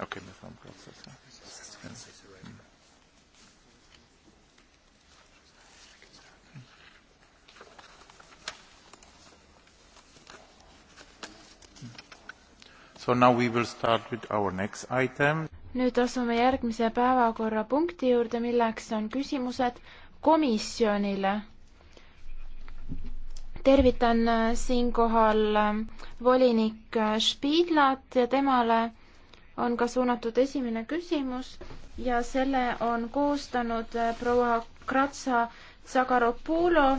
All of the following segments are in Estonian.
Okay, wir fahren Prozess. Ja. So now we will start with our next item. nüüd asume järgmise päevakorrapunkti juurde, milleks on küsimused komisjonile. tervitan äh, siinkohal äh, volinik Spiidlat äh, ja temale on ka suunatud esimene küsimus ja selle on koostanud äh, proua Kratsa Zagaropulo.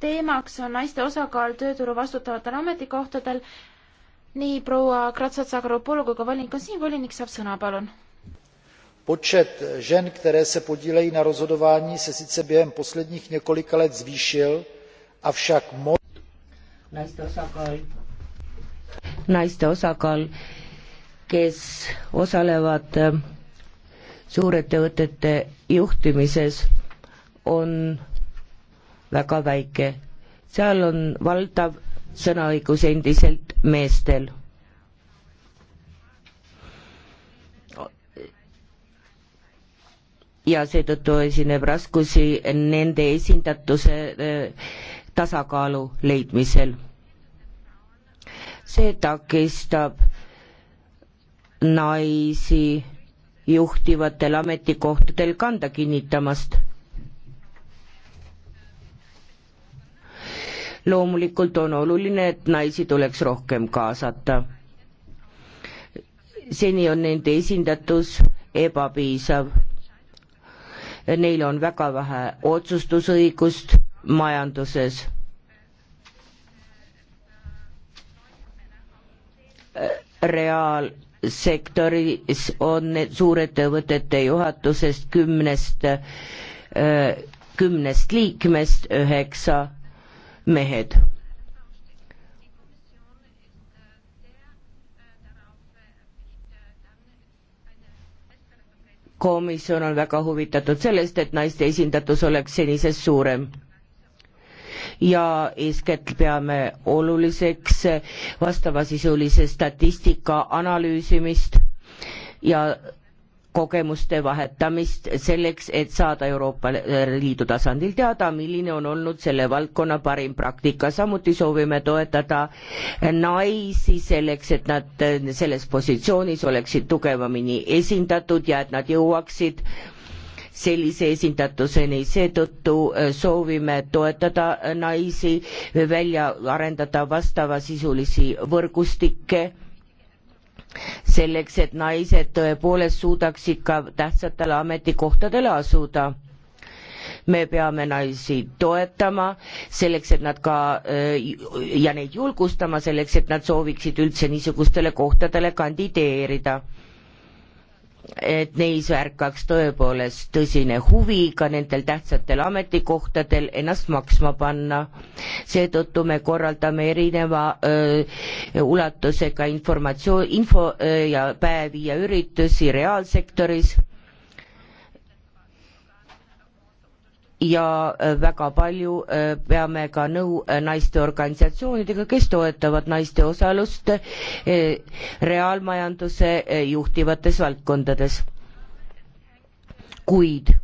teemaks on naiste osakaal tööturu vastutavatel ametikohtadel. nii proua Kratsa Zagaropulo kui ka volinik on siin, volinik saab sõna, palun. Počet žen, které se podílejí na rozhodování, se sice během posledních několika let zvýšil, avšak mo- naiste osakaal, naiste osakaal kes osalevad äh, suurettevõtete juhtimises, on väga väike. seal on valdav sõnaõigus endiselt meestel. ja seetõttu esineb raskusi nende esindatuse äh, tasakaalu leidmisel. see takistab naisi juhtivatel ametikohtadel kanda kinnitamast. loomulikult on oluline, et naisi tuleks rohkem kaasata. seni on nende esindatus ebapiisav. Neil on väga vähe otsustusõigust majanduses reaal- sektoris on need suurettevõtete juhatusest kümnest, äh, kümnest liikmest üheksa mehed. komisjon on väga huvitatud sellest, et naiste esindatus oleks senisest suurem ja eeskätt peame oluliseks vastavasisulise statistika analüüsimist ja kogemuste vahetamist selleks, et saada Euroopa Liidu tasandil teada, milline on olnud selle valdkonna parim praktika. samuti soovime toetada naisi selleks, et nad selles positsioonis oleksid tugevamini esindatud ja et nad jõuaksid sellise esindatuseni, seetõttu äh, soovime toetada äh, naisi, äh, välja arendada vastavasisulisi võrgustikke selleks, et naised tõepoolest suudaksid ka tähtsatele ametikohtadele asuda. me peame naisi toetama selleks, et nad ka ja neid julgustama selleks, et nad sooviksid üldse niisugustele kohtadele kandideerida et neis ärkaks tõepoolest tõsine huvi ka nendel tähtsatel ametikohtadel ennast maksma panna. seetõttu me korraldame erineva öö, ulatusega informatsioon, info öö, ja päevi ja üritusi reaalsektoris ja äh, väga palju äh, peame ka nõu äh, naisteorganisatsioonidega, kes toetavad naiste osalust reaalmajanduse juhtivates valdkondades. kuid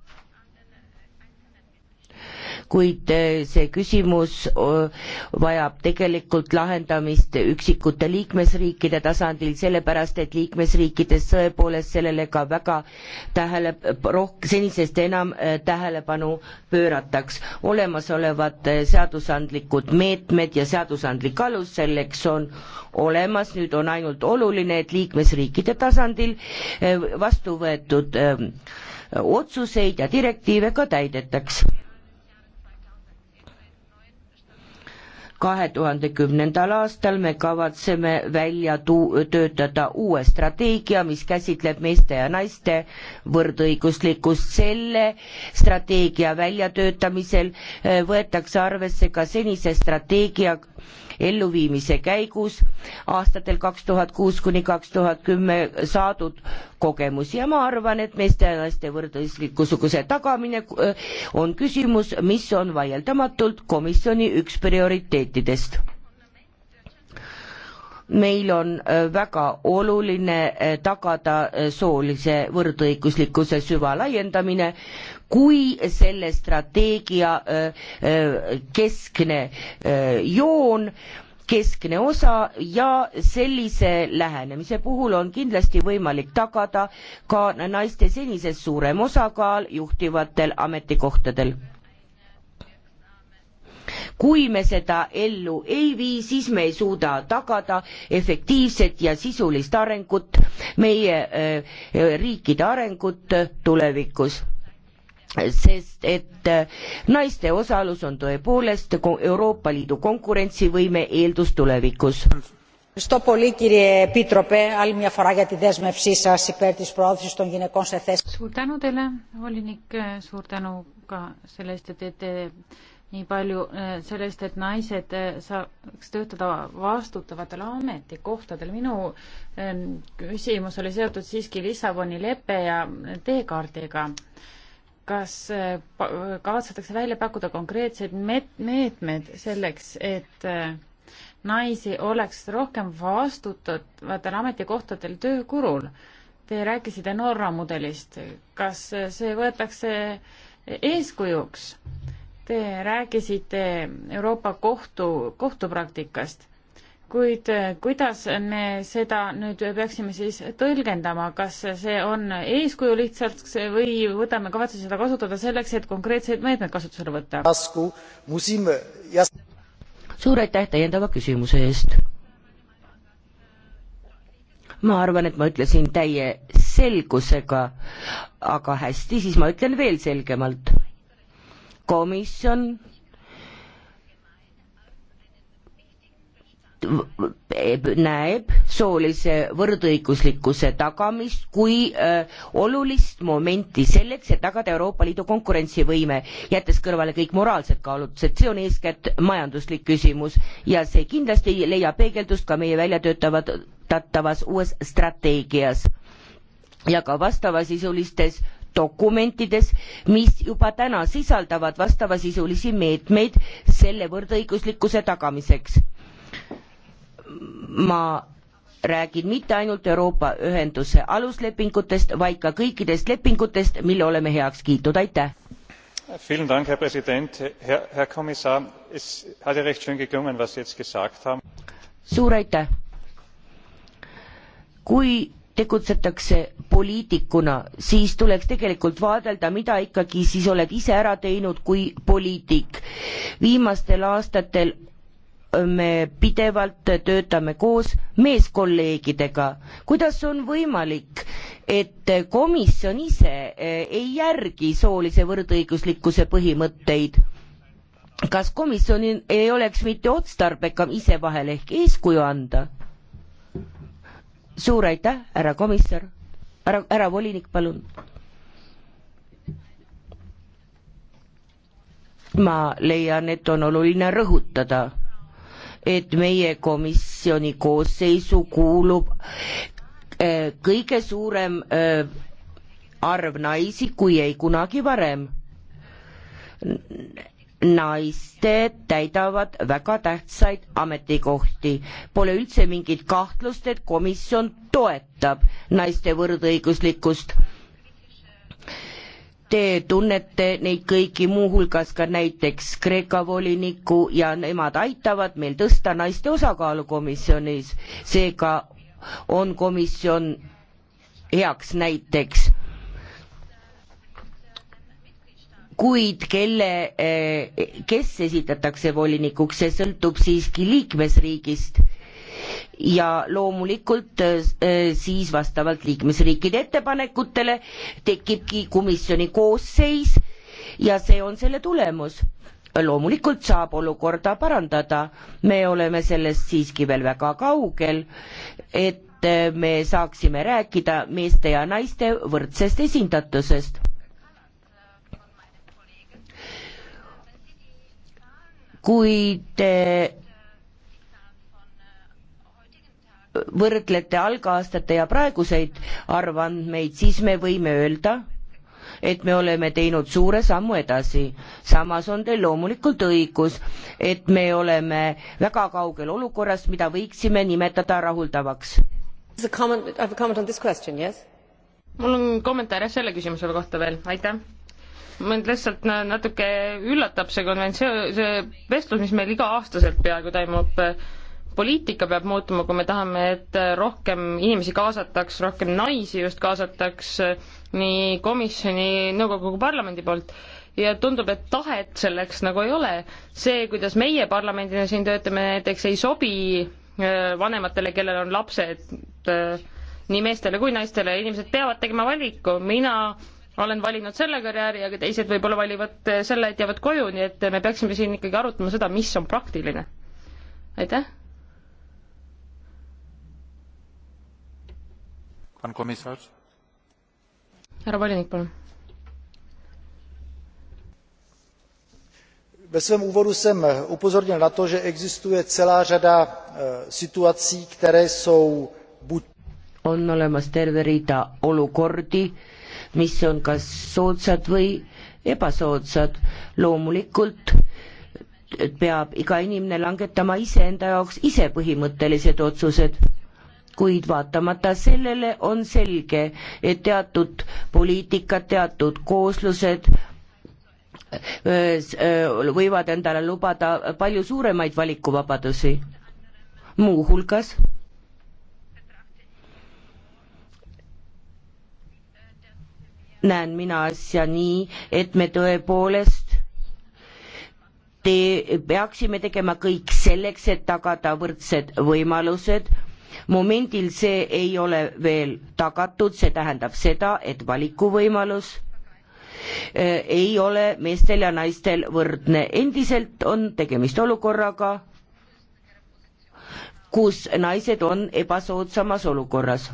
kuid eh, see küsimus eh, vajab tegelikult lahendamist üksikute liikmesriikide tasandil, sellepärast et liikmesriikides tõepoolest sellele ka väga tähele, roh-, senisest enam eh, tähelepanu pöörataks. olemasolevad seadusandlikud meetmed ja seadusandlik alus selleks on olemas, nüüd on ainult oluline, et liikmesriikide tasandil vastu võetud otsuseid ja direktiive ka täidetaks kahe tuhande kümnendal aastal me kavatseme välja tuu-, töötada uue strateegia, mis käsitleb meeste ja naiste võrdõiguslikkust. selle strateegia väljatöötamisel äh, võetakse arvesse ka senise strateegia elluviimise käigus aastatel kaks tuhat kuus kuni kaks tuhat kümme saadud kogemusi ja ma arvan, et meeste ja naiste võrdõiguslikkuse tagamine äh, on küsimus, mis on vaieldamatult komisjoni üks prioriteetidest meil on äh, väga oluline äh, tagada soolise võrdõiguslikkuse süvalaiendamine kui selle strateegia äh, äh, keskne äh, joon keskne osa ja sellise lähenemise puhul on kindlasti võimalik tagada ka naiste senisest suurem osakaal juhtivatel ametikohtadel. kui me seda ellu ei vii, siis me ei suuda tagada efektiivset ja sisulist arengut, meie riikide arengut tulevikus sest et äh, naiste osalus on tõepoolest Euroopa Liidu konkurentsivõime eeldus tulevikus. Ευχαριστώ πολύ κύριε Επίτροπε άλλη μια φορά για τη δέσμευσή σας υπέρ της προώθησης των γυναικών σε θέσεις. Suur tänu teile, volinik, suur tänu ka selle eest, et teete nii palju äh, selle eest, et naised äh, saaks töötada vastutavatel ametikohtadel. minu ähm, küsimus oli seotud siiski Lissaboni leppe ja teekaardiga kas äh, kavatsetakse välja pakkuda konkreetsed meetmed selleks, et äh, naisi oleks rohkem vastutavatel ametikohtadel töökurul? Te rääkisite Norra mudelist, kas see võetakse eeskujuks? Te rääkisite Euroopa kohtu, kohtupraktikast kuid eh, kuidas me seda nüüd peaksime siis tõlgendama, kas see on eeskuju lihtsalt või võtame kavatsuse seda kasutada selleks, et konkreetseid meetmeid kasutusele võtta? suur aitäh täiendava küsimuse eest. ma arvan, et ma ütlesin täie selgusega, aga hästi, siis ma ütlen veel selgemalt. komisjon näeb soolise võrdõiguslikkuse tagamist kui öö, äh, olulist momenti selleks, et tagada Euroopa Liidu konkurentsivõime, jättes kõrvale kõik moraalsed kaalutlused, see on eeskätt majanduslik küsimus ja see kindlasti leiab peegeldust ka meie väljatöötatavas uues strateegias ja ka vastavasisulistes dokumentides mis juba täna sisaldavad vastavasisulisi meetmeid selle võrdõiguslikkuse tagamiseks ma räägin mitte ainult Euroopa Ühenduse aluslepingutest, vaid ka kõikidest lepingutest, mille oleme heaks kiitnud, aitäh! Dank, herr präsident herr, herr kommissar! es hat ja recht schön geklungen was sie jetzt gesagt haben. suur aitäh! kui tegutsetakse poliitikuna siis tuleks tegelikult vaadelda mida ikkagi siis oled ise ära teinud kui poliitik. viimastel aastatel me pidevalt töötame koos meeskolleegidega. kuidas on võimalik, et komisjon ise eh, ei järgi soolise võrdõiguslikkuse põhimõtteid? kas komisjonil ei oleks mitte otstarbekam ise vahel ehk eeskuju anda? suur aitäh, härra komissar, härra, härra volinik, palun. ma leian, et on oluline rõhutada et meie komisjoni koosseisu kuulub äh, kõige suurem äh, arv naisi, kui ei kunagi varem. naised täidavad väga tähtsaid ametikohti. Pole üldse mingit kahtlust, et komisjon toetab naiste võrdõiguslikkust Te tunnete neid kõiki, muuhulgas ka näiteks Kreeka voliniku ja nemad aitavad meil tõsta naiste osakaalu komisjonis. seega on komisjon heaks näiteks. kuid kelle, eh, kes esitatakse volinikuks, see sõltub siiski liikmesriigist ja loomulikult äh, siis vastavalt liikmesriikide ettepanekutele tekibki komisjoni koosseis ja see on selle tulemus. loomulikult saab olukorda parandada, me oleme sellest siiski veel väga kaugel, et me saaksime rääkida meeste ja naiste võrdsest esindatusest. kui te võrdlete algaastate ja praeguseid arvandmeid, siis me võime öelda, et me oleme teinud suure sammu edasi. samas on teil loomulikult õigus, et me oleme väga kaugel olukorrast, mida võiksime nimetada rahuldavaks. Yes? mul on kommentaar jah selle küsimusele kohta veel, aitäh. mind lihtsalt natuke üllatab see konventsioon, see vestlus, mis meil iga-aastaselt peaaegu toimub poliitika peab muutuma, kui me tahame, et rohkem inimesi kaasataks, rohkem naisi just kaasataks nii komisjoni, nõukogu kui parlamendi poolt ja tundub, et tahet selleks nagu ei ole. see, kuidas meie parlamendina siin töötame, näiteks ei sobi äh, vanematele, kellel on lapsed, äh, nii meestele kui naistele, inimesed peavad tegema valiku, mina olen valinud selle karjääri, aga teised võib-olla valivad äh, selle, et jäävad koju, nii et me peaksime siin ikkagi arutama seda, mis on praktiline. aitäh! pan komissar? härra volinik, palun. ve svém úvodu jsem upozornil na to, že existuje celá řada e, situací, které jsou buď on olemas terve rida olukordi, mis on kas soodsad või ebasoodsad. loomulikult peab iga inimene langetama iseenda jaoks ise põhimõttelised otsused kuid vaatamata sellele on selge, et teatud poliitikad, teatud kooslused võivad endale lubada palju suuremaid valikuvabadusi, muuhulgas näen mina asja nii, et me tõepoolest te peaksime tegema kõik selleks, et tagada võrdsed võimalused momendil see ei ole veel tagatud, see tähendab seda, et valikuvõimalus äh, ei ole meestel ja naistel võrdne. endiselt on tegemist olukorraga, kus naised on ebasoodsamas olukorras.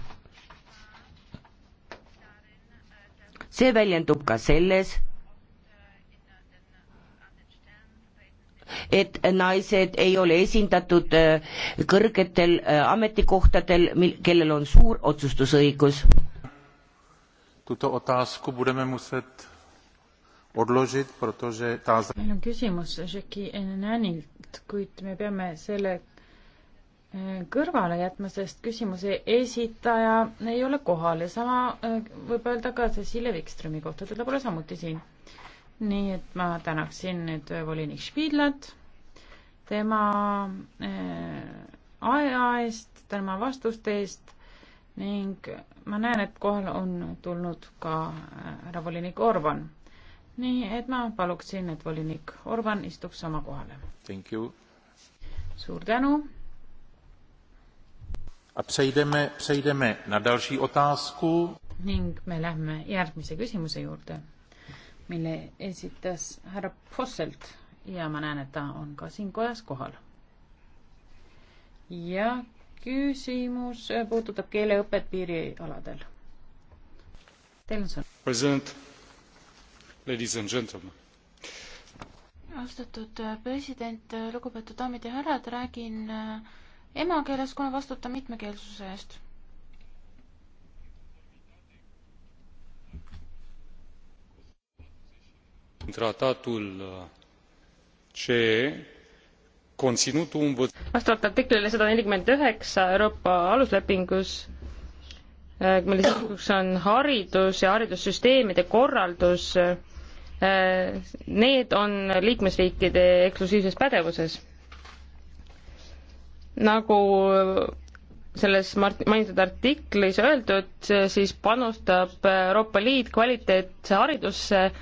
see väljendub ka selles, et naised ei ole esindatud äh, kõrgetel äh, ametikohtadel, mil, kellel on suur otsustusõigus. meil on küsimus Žeki Enanilt, kuid me peame selle äh, kõrvale jätma, sest küsimuse esitaja ei ole kohal ja sama võib öelda ka Cecilia Wikströmi kohta, teda pole samuti siin nii et ma tänaksin nüüd volinik Špidlat tema äh, aja eest, tema vastuste eest ning ma näen, et kohale on tulnud ka äh, härra volinik Orban. nii et ma paluksin, et volinik Orban istuks oma kohale. suur tänu. ning me lähme järgmise küsimuse juurde mille esitas härra Posselt ja ma näen, et ta on ka siin kojas kohal. ja küsimus puudutab keeleõpet piirialadel. Teil on sõna. president, ladies and gentlemen. austatud äh, president, äh, lugupeetud daamid ja härrad, räägin äh, emakeeles, kuna vastutan mitmekeelsuse eest tratatul uh, ce conținutul învățământului vastavalt artiklile sada nelikümmend üheksa Euroopa aluslepingus, eh, mille sisuks on haridus ja haridussüsteemide korraldus, eh, need on liikmesriikide eksklusiivses pädevuses. nagu selles mainitud artiklis öeldud, siis panustab Euroopa Liit kvaliteetse haridusse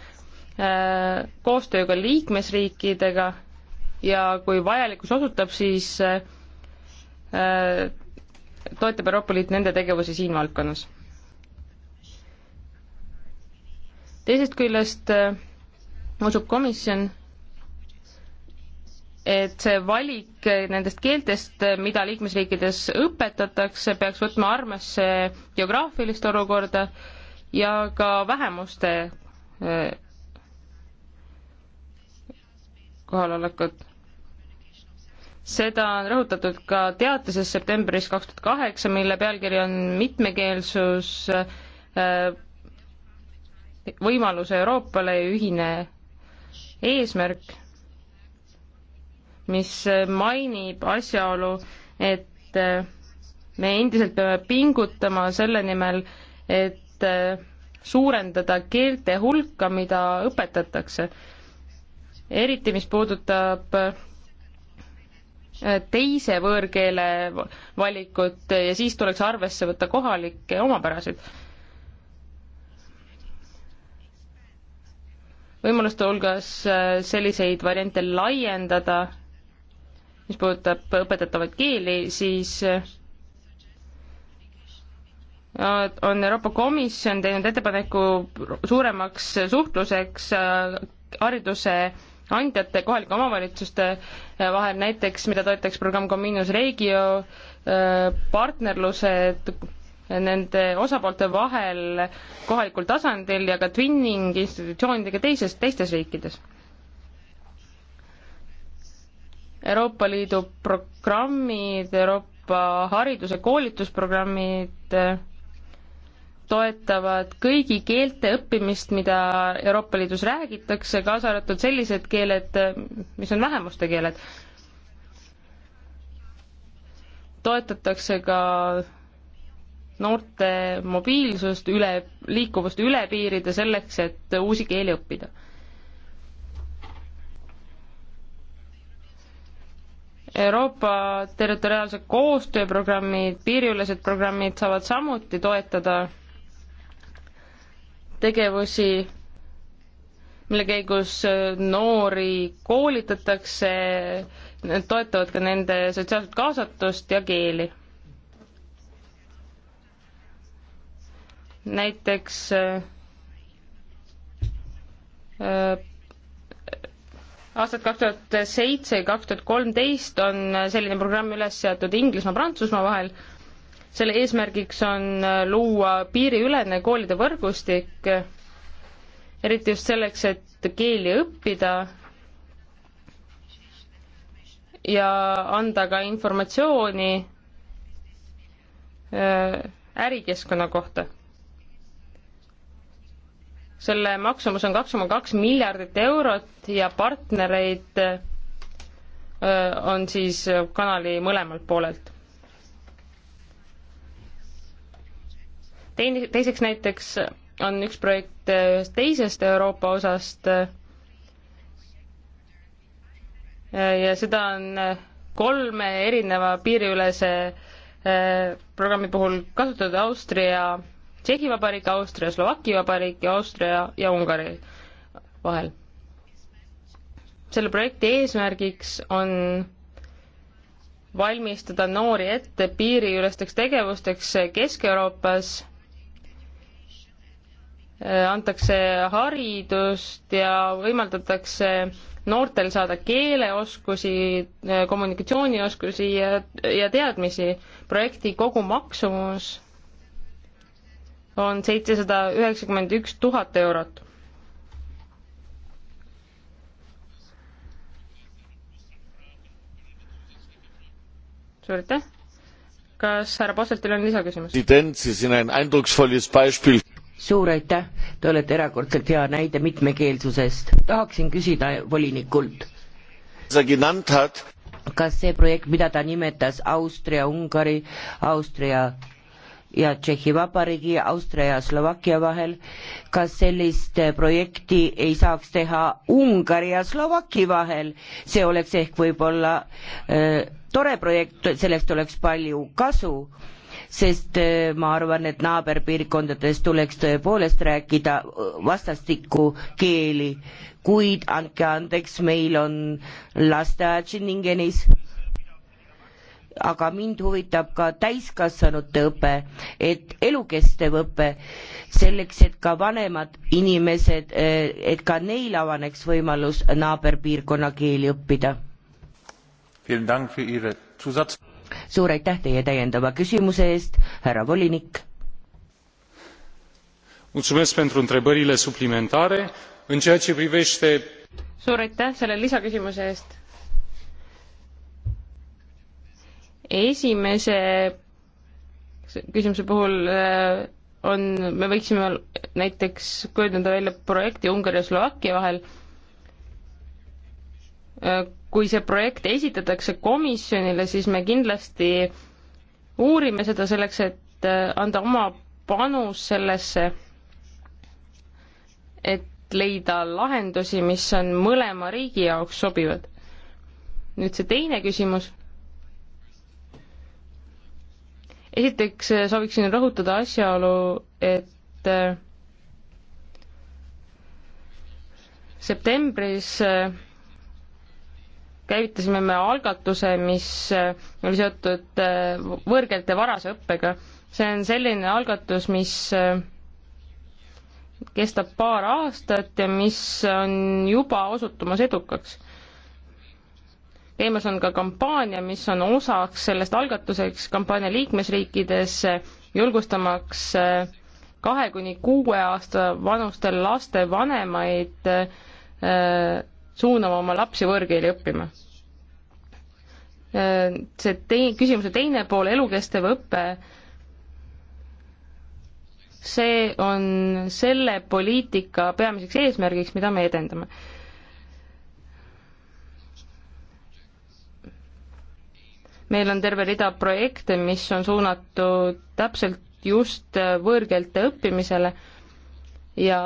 Äh, koostööga liikmesriikidega ja kui vajalikuks osutab, siis äh, toetab Euroopa Liit nende tegevusi siin valdkonnas. teisest küljest äh, usub komisjon, et see valik nendest keeltest, mida liikmesriikides õpetatakse, peaks võtma armesse geograafilist olukorda ja ka vähemuste kohalolekut. seda on rõhutatud ka teatises septembris kaks tuhat kaheksa, mille pealkiri on mitmekeelsus äh, võimalus Euroopale ja ühine eesmärk, mis mainib asjaolu, et äh, me endiselt peame pingutama selle nimel, et äh, suurendada keelte hulka, mida õpetatakse eriti mis puudutab äh, teise võõrkeele valikut ja siis tuleks arvesse võtta kohalikke omapärasid. võimaluste hulgas äh, selliseid variante laiendada, mis puudutab õpetatavaid keeli, siis äh, on Euroopa Komisjon teinud ettepaneku suuremaks suhtluseks hariduse andjate, kohalike omavalitsuste eh, vahel, näiteks mida toetaks programm Cominos Regio, eh, partnerlused nende osapoolte vahel kohalikul tasandil ja ka twinning institutsioonidega teises, teistes riikides. Euroopa Liidu programmid, Euroopa hariduse koolitusprogrammid, toetavad kõigi keelte õppimist, mida Euroopa Liidus räägitakse, kaasa arvatud sellised keeled, mis on vähemuste keeled. toetatakse ka noorte mobiilsust üle, liikuvust üle piiride selleks, et uusi keeli õppida. Euroopa territoriaalse koostööprogrammid, piiriülesed programmid saavad samuti toetada tegevusi, mille käigus äh, noori koolitatakse, need toetavad ka nende sotsiaalset kaasatust ja keeli. näiteks äh, äh, aastad kaks tuhat seitse, kaks tuhat kolmteist on selline programm üles seatud Inglismaa, Prantsusmaa vahel selle eesmärgiks on äh, luua piiriülene koolide võrgustik, äh, eriti just selleks, et keeli õppida ja anda ka informatsiooni äh, ärikeskkonna kohta. selle maksumus on kaks koma kaks miljardit eurot ja partnereid on siis kanali mõlemalt poolelt teine, teiseks näiteks on üks projekt ühest teisest Euroopa osast ja seda on kolme erineva piiriülese e, programmi puhul kasutatud Austria, Tšehhi Vabariik, Austria, Slovakkia Vabariik ja Austria ja Ungari vahel. selle projekti eesmärgiks on valmistada noori ette piiriülesteks tegevusteks Kesk-Euroopas Äh, antakse haridust ja võimaldatakse noortel saada keeleoskusi, äh, kommunikatsioonioskusi ja, ja teadmisi. projekti kogumaksumus on seitsesada üheksakümmend üks tuhat eurot. suur aitäh! kas härra Posseltil on lisaküsimus? suur aitäh, te olete erakordselt hea näide mitmekeelsusest. tahaksin küsida volinikult. kas see projekt, mida ta nimetas Austria, Ungari, Austria ja Tšehhi Vabariigi, Austria ja Slovakkia vahel, kas sellist projekti ei saaks teha Ungari ja Slovakki vahel, see oleks ehk võib-olla äh, tore projekt, sellest oleks palju kasu sest äh, ma arvan, et naaberpiirkondades tuleks tõepoolest rääkida äh, vastastikku keeli, kuid andke andeks, meil on lasteaed Schillingenis, aga mind huvitab ka täiskasvanute õpe, et elukestev õpe, selleks et ka vanemad inimesed, äh, et ka neil avaneks võimalus naaberpiirkonna keeli õppida suur aitäh teie täiendava küsimuse eest, härra volinik. suur aitäh selle lisaküsimuse eest. esimese küsimuse puhul äh, on, me võiksime näiteks kujundada välja projekti Ungari ja Slovakkia vahel äh, kui see projekt esitatakse komisjonile, siis me kindlasti uurime seda selleks, et äh, anda oma panus sellesse, et leida lahendusi, mis on mõlema riigi jaoks sobivad. nüüd see teine küsimus. esiteks äh, sooviksin rõhutada asjaolu, et äh, septembris käivitasime me algatuse, mis äh, oli seotud äh, võõrkeelte varase õppega. see on selline algatus, mis äh, kestab paar aastat ja mis on juba osutumas edukaks. käimas on ka kampaania, mis on osaks sellest algatuseks kampaania liikmesriikides, julgustamaks kahe kuni kuue aasta vanustel laste vanemaid äh, suunama oma lapsi võõrkeeli õppima. see tei-, küsimuse teine pool, elukestev õpe, see on selle poliitika peamiseks eesmärgiks, mida me edendame. meil on terve rida projekte, mis on suunatud täpselt just võõrkeelte õppimisele ja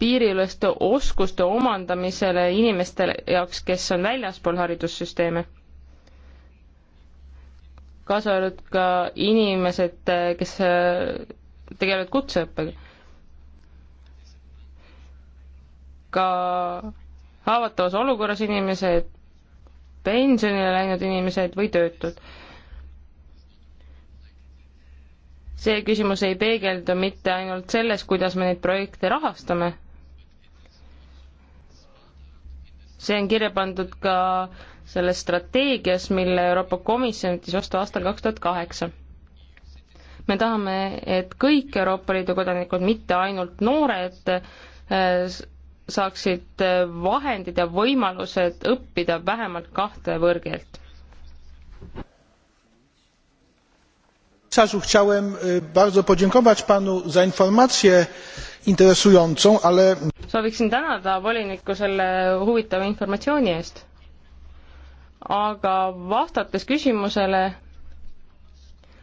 piiriüleste oskuste omandamisele inimeste jaoks, kes on väljaspool haridussüsteeme. kaasa arvatud ka inimesed, kes äh, tegelevad kutseõppega. ka haavatavas olukorras inimesed, pensionile läinud inimesed või töötud see küsimus ei peegeldu mitte ainult selles, kuidas me neid projekte rahastame, see on kirja pandud ka selles strateegias, mille Euroopa Komisjon võttis vastu aastal kaks tuhat kaheksa. me tahame, et kõik Euroopa Liidu kodanikud, mitte ainult noored, äh, saaksid äh, vahendid ja võimalused õppida vähemalt kahte võõrkeelt. chciałem bardzo podziękować panu za informację interesującą, ale... sooviksin tänada volinikku selle huvitava informatsiooni eest. aga vastates küsimusele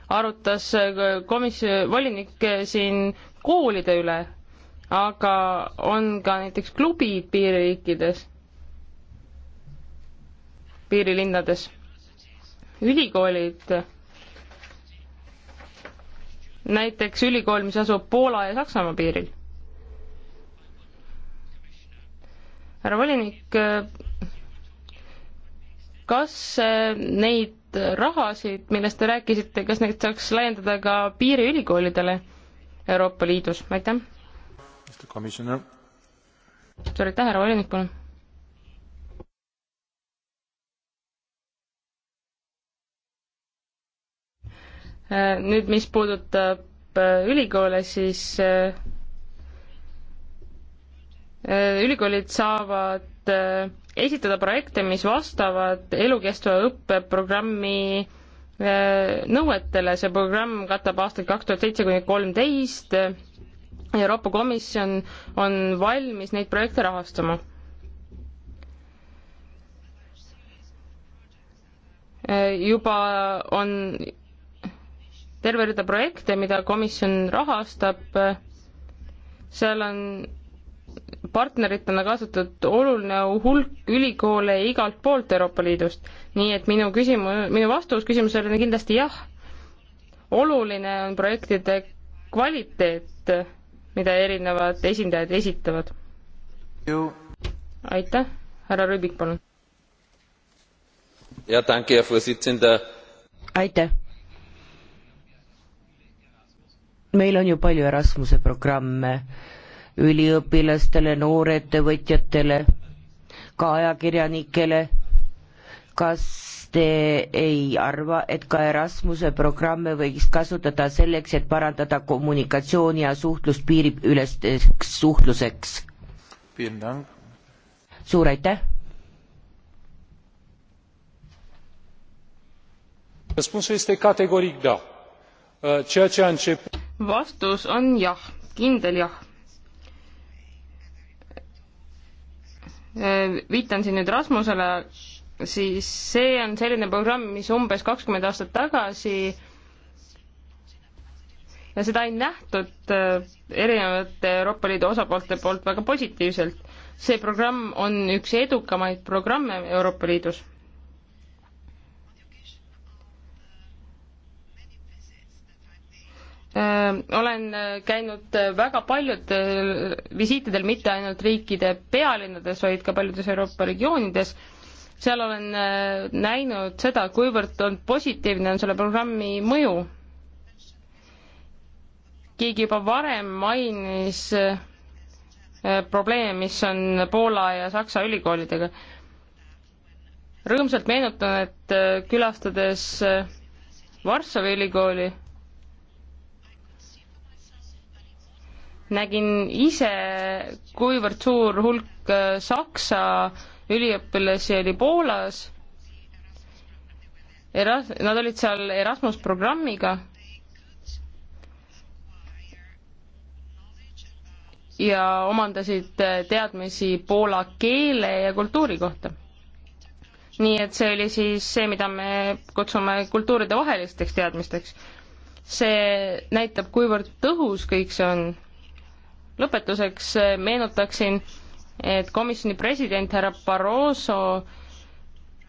arutas komisjon, volinik siin koolide üle, aga on ka näiteks klubid piiririikides, piirilinnades, ülikoolid, näiteks ülikool, mis asub Poola ja Saksamaa piiril härra volinik, kas äh, neid rahasid, millest te rääkisite, kas neid saaks laiendada ka piiriülikoolidele Euroopa Liidus, aitäh! suur aitäh, härra volinik, palun! Äh, nüüd, mis puudutab äh, ülikoole, siis Äh, ülikoolid saavad äh, esitada projekte, mis vastavad elukestva õppeprogrammi äh, nõuetele, see programm katab aastaid kaks tuhat seitse kuni kolmteist, Euroopa Komisjon on valmis neid projekte rahastama. juba on terve rida projekte, mida komisjon rahastab, seal on partneritena kaasatud oluline hulk ülikoole igalt poolt Euroopa Liidust. nii et minu küsimus, minu vastus küsimusele on kindlasti jah. oluline on projektide kvaliteet, mida erinevad esindajad esitavad. aitäh, härra Rüübik, palun. aitäh. meil on ju palju Erasmuse programme üliõpilastele, noorettevõtjatele, ka ajakirjanikele. kas te ei arva, et ka Erasmuse programme võiks kasutada selleks, et parandada kommunikatsiooni ja suhtlust piiriülesteks suhtluseks? suur aitäh! răspunsul este categoric da ceea ce a început vastus on jah kindel jah Äh, viitan siin nüüd Rasmusele, siis see on selline programm, mis umbes kakskümmend aastat tagasi ja seda ei nähtud äh, erinevate Euroopa Liidu osapoolte poolt väga positiivselt. see programm on üks edukamaid programme Euroopa Liidus Äh, olen äh, käinud äh, väga paljudel visiitidel, mitte ainult riikide pealinnades, vaid ka paljudes Euroopa regioonides. seal olen näinud seda, kuivõrd on positiivne on selle programmi mõju. keegi juba varem mainis probleeme, mis on Poola ja Saksa ülikoolidega. rõõmsalt meenutan, et külastades Varssavi ülikooli nägin ise, kuivõrd suur hulk äh, Saksa üliõpilasi oli Poolas. Eras-, nad olid seal Erasmus programmiga. ja omandasid äh, teadmisi poola keele ja kultuuri kohta. nii et see oli siis see, mida me kutsume kultuuridevahelisteks teadmisteks. see näitab, kuivõrd tõhus kõik see on lõpetuseks eh, meenutaksin, et komisjoni president härra Barroso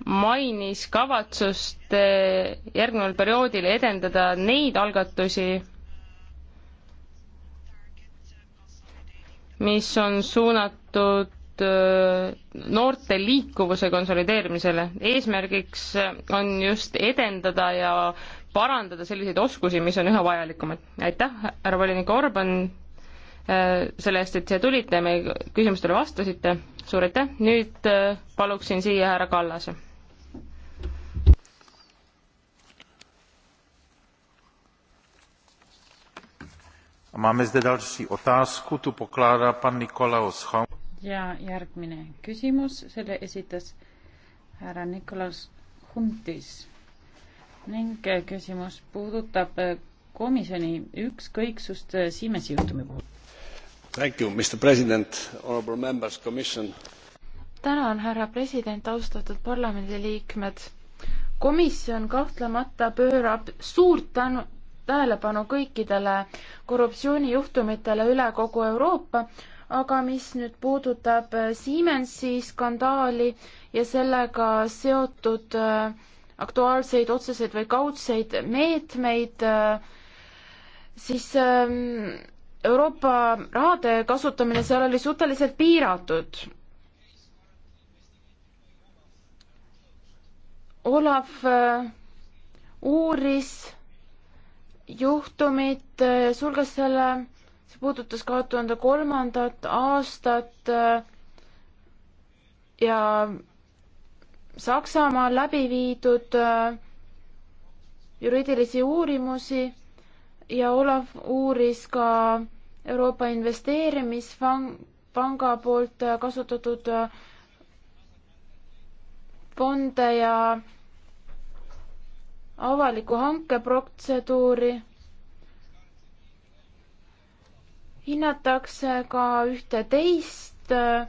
mainis kavatsust eh, järgneval perioodil edendada neid algatusi, mis on suunatud eh, noorte liikuvuse konsolideerimisele. eesmärgiks on just edendada ja parandada selliseid oskusi, mis on üha vajalikumad. aitäh, härra volinik Orban, selle eest, et siia tulite, meie küsimustele vastasite, suur aitäh, nüüd äh, paluksin siia härra Kallase. Máme zde další otázku, tu pokládá pan Nikolaus Chaun. Ja järgmine küsimus, selle esitas härra Nikolaus Huntis ning äh, küsimus puudutab äh, komisjoni ükskõiksust Siemens juhtumi puhul You, members, tänan härra president austatud parlamendiliikmed komisjon kahtlemata pöörab suurt tänu tähelepanu kõikidele korruptsioonijuhtumitele üle kogu euroopa aga mis nüüd puudutab äh, siemensi skandaali ja sellega seotud äh, aktuaalseid otseseid või kaudseid meetmeid äh, siis ähm, Euroopa rahade kasutamine seal oli suhteliselt piiratud. Olav äh, uuris juhtumit, äh, sulges selle, see puudutas kahe tuhande kolmandat aastat äh, ja Saksamaal läbi viidud juriidilisi uurimusi ja Olav uuris ka Euroopa Investeerimispanga poolt äh, kasutatud äh, fonde ja avaliku hanke protseduuri. hinnatakse ka ühte teist äh,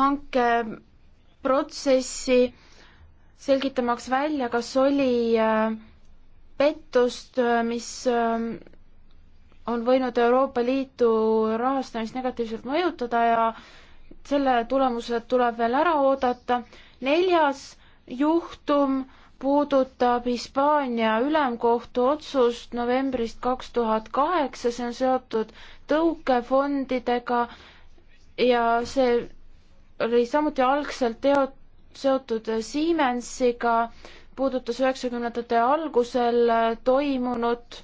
hankeprotsessi, selgitamaks välja, kas oli pettust, mis on võinud Euroopa Liitu rahastamist negatiivselt mõjutada ja selle tulemused tuleb veel ära oodata. neljas juhtum puudutab Hispaania ülemkohtu otsust novembrist kaks tuhat kaheksa, see on seotud tõukefondidega ja see oli samuti algselt teo-, seotud Siemensiga, puudutas üheksakümnendate algusel toimunut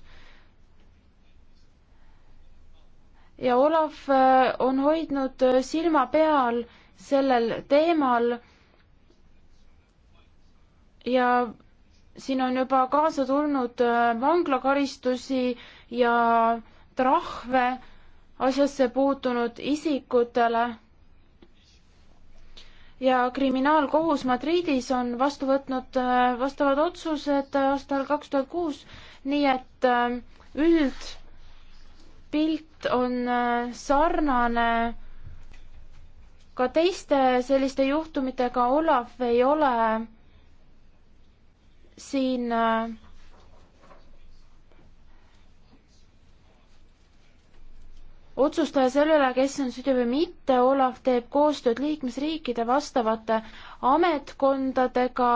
ja Olav äh, on hoidnud äh, silma peal sellel teemal ja siin on juba kaasa tulnud äh, vanglakaristusi ja trahve asjasse puutunud isikutele. ja kriminaalkohus Madridis on vastu võtnud vastavad otsused aastal kaks tuhat kuus, nii et üld pilt on äh, sarnane ka teiste selliste juhtumitega, Olav ei ole siin äh, otsustaja selle üle, kes on süüdi või mitte, Olav teeb koostööd liikmesriikide vastavate ametkondadega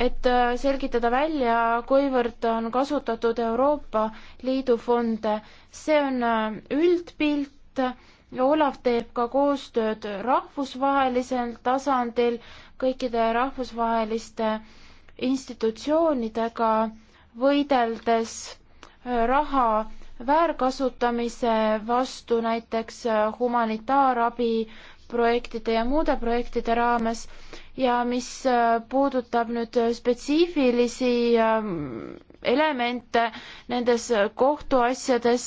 et äh, selgitada välja, kuivõrd on kasutatud Euroopa Liidu fonde. see on äh, üldpilt ja Olav teeb ka koostööd rahvusvahelisel tasandil kõikide rahvusvaheliste institutsioonidega, võideldes äh, raha väärkasutamise vastu, näiteks humanitaarabi äh, pilootprojektide ja muude projektide raames ja mis äh, puudutab nüüd spetsiifilisi ähm, elemente nendes kohtuasjades,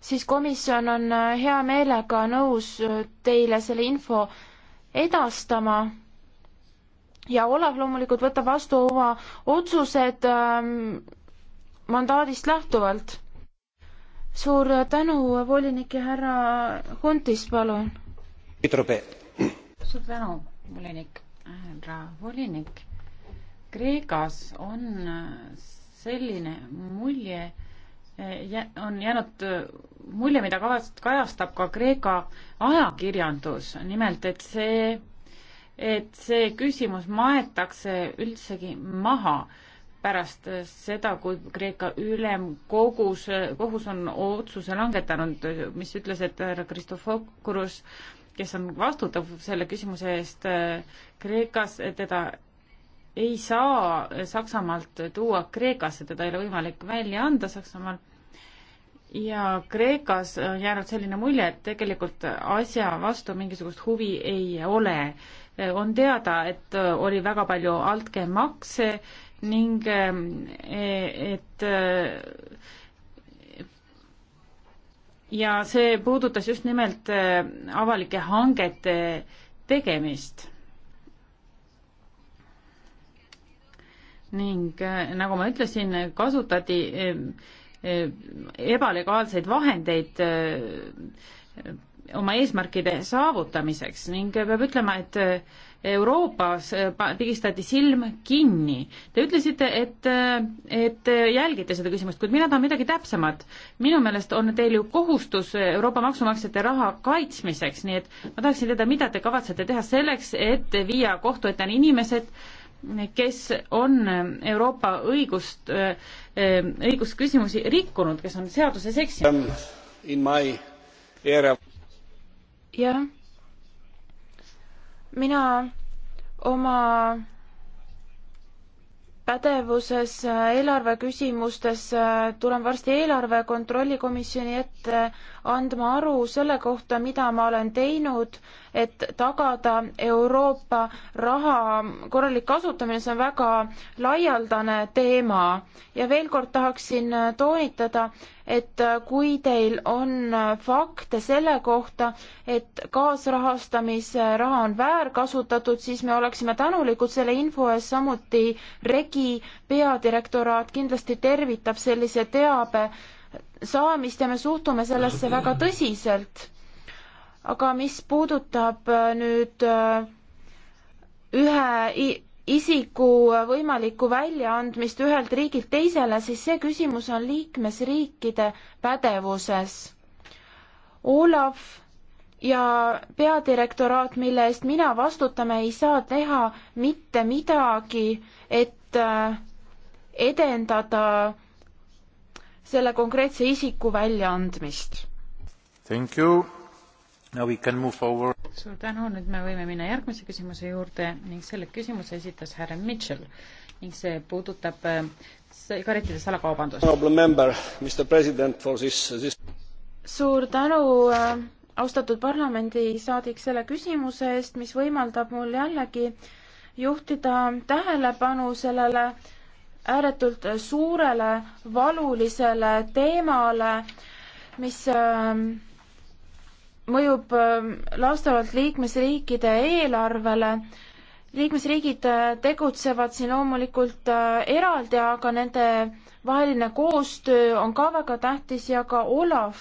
siis komisjon on äh, hea meelega nõus äh, teile selle info edastama ja Olav loomulikult võtab vastu oma otsused ähm, mandaadist lähtuvalt. suur tänu, volinik ja härra Huntis, palun suur tänu, volinik, härra volinik. Kreekas on selline mulje, on jäänud mulje, mida kajastab ka Kreeka ajakirjandus, nimelt et see, et see küsimus maetakse üldsegi maha pärast seda, kui Kreeka ülemkogus, kohus on otsuse langetanud, mis ütles, et härra Kristofokorus kes on vastutav selle küsimuse eest Kreekas, teda ei saa Saksamaalt tuua Kreekasse, teda ei ole võimalik välja anda Saksamaal. ja Kreekas on jäänud selline mulje, et tegelikult asja vastu mingisugust huvi ei ole. on teada, et oli väga palju altkäemakse ning eh, et, et ja see puudutas just nimelt äh, avalike hangete tegemist. ning äh, nagu ma ütlesin, kasutati ähm, äh, ebalegaalseid vahendeid oma eesmärkide saavutamiseks ning peab ütlema, et Euroopas eh, pigistati silm kinni. Te ütlesite, et, eh, et jälgite seda küsimust, kuid mina tahan midagi täpsemat. minu meelest on teil ju kohustus Euroopa maksumaksjate raha kaitsmiseks, nii et ma tahaksin teada, mida te kavatsete teha selleks, et viia kohtu ette inimesed, kes on Euroopa õigust, eh, õigusküsimusi rikkunud, kes on seaduses eksinud. jah mina oma pädevuses äh, eelarve küsimustes äh, tulen varsti eelarve kontrollikomisjoni ette andma aru selle kohta, mida ma olen teinud et tagada Euroopa raha korralik kasutamine, see on väga laialdane teema. ja veel kord tahaksin toonitada, et kui teil on fakte selle kohta, et kaasrahastamise raha on väärkasutatud, siis me oleksime tänulikud selle info eest, samuti Regi peadirektoraat kindlasti tervitab sellise teabe saamist ja me suhtume sellesse väga tõsiselt aga mis puudutab äh, nüüd äh, ühe isiku äh, võimalikku väljaandmist ühelt riigilt teisele, siis see küsimus on liikmesriikide pädevuses. Olav ja peadirektoraat, mille eest mina vastutame, ei saa teha mitte midagi, et edendada selle konkreetse isiku väljaandmist. Thank you suur tänu, nüüd me võime minna järgmise küsimuse juurde ning selle küsimuse esitas härra Mitchell ning see puudutab äh, sigarettide salakaubandust. suur tänu, äh, austatud parlamendisaadik, selle küsimuse eest, mis võimaldab mul jällegi juhtida tähelepanu sellele ääretult suurele valulisele teemale, mis äh, mõjub lastavalt ähm, liikmesriikide eelarvele. liikmesriigid äh, tegutsevad siin loomulikult äh, eraldi, aga nende vaheline koostöö on ka väga tähtis ja ka Olav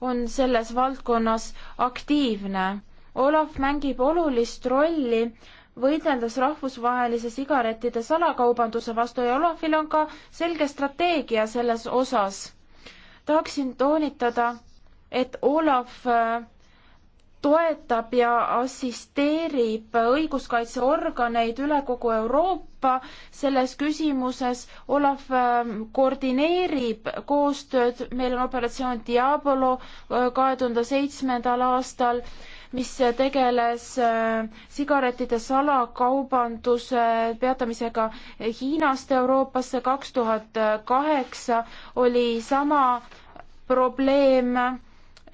on selles valdkonnas aktiivne. Olav mängib olulist rolli võideldes rahvusvahelise sigarettide salakaubanduse vastu ja Olafil on ka selge strateegia selles osas. tahaksin toonitada, et Olav äh, toetab ja assisteerib õiguskaitseorganeid üle kogu Euroopa selles küsimuses. Olav ähm, koordineerib koostööd, meil on operatsioon Diabolo äh, kahe tuhande seitsmendal aastal, mis tegeles äh, sigarettide salakaubanduse peatamisega Hiinast Euroopasse. kaks tuhat kaheksa oli sama probleem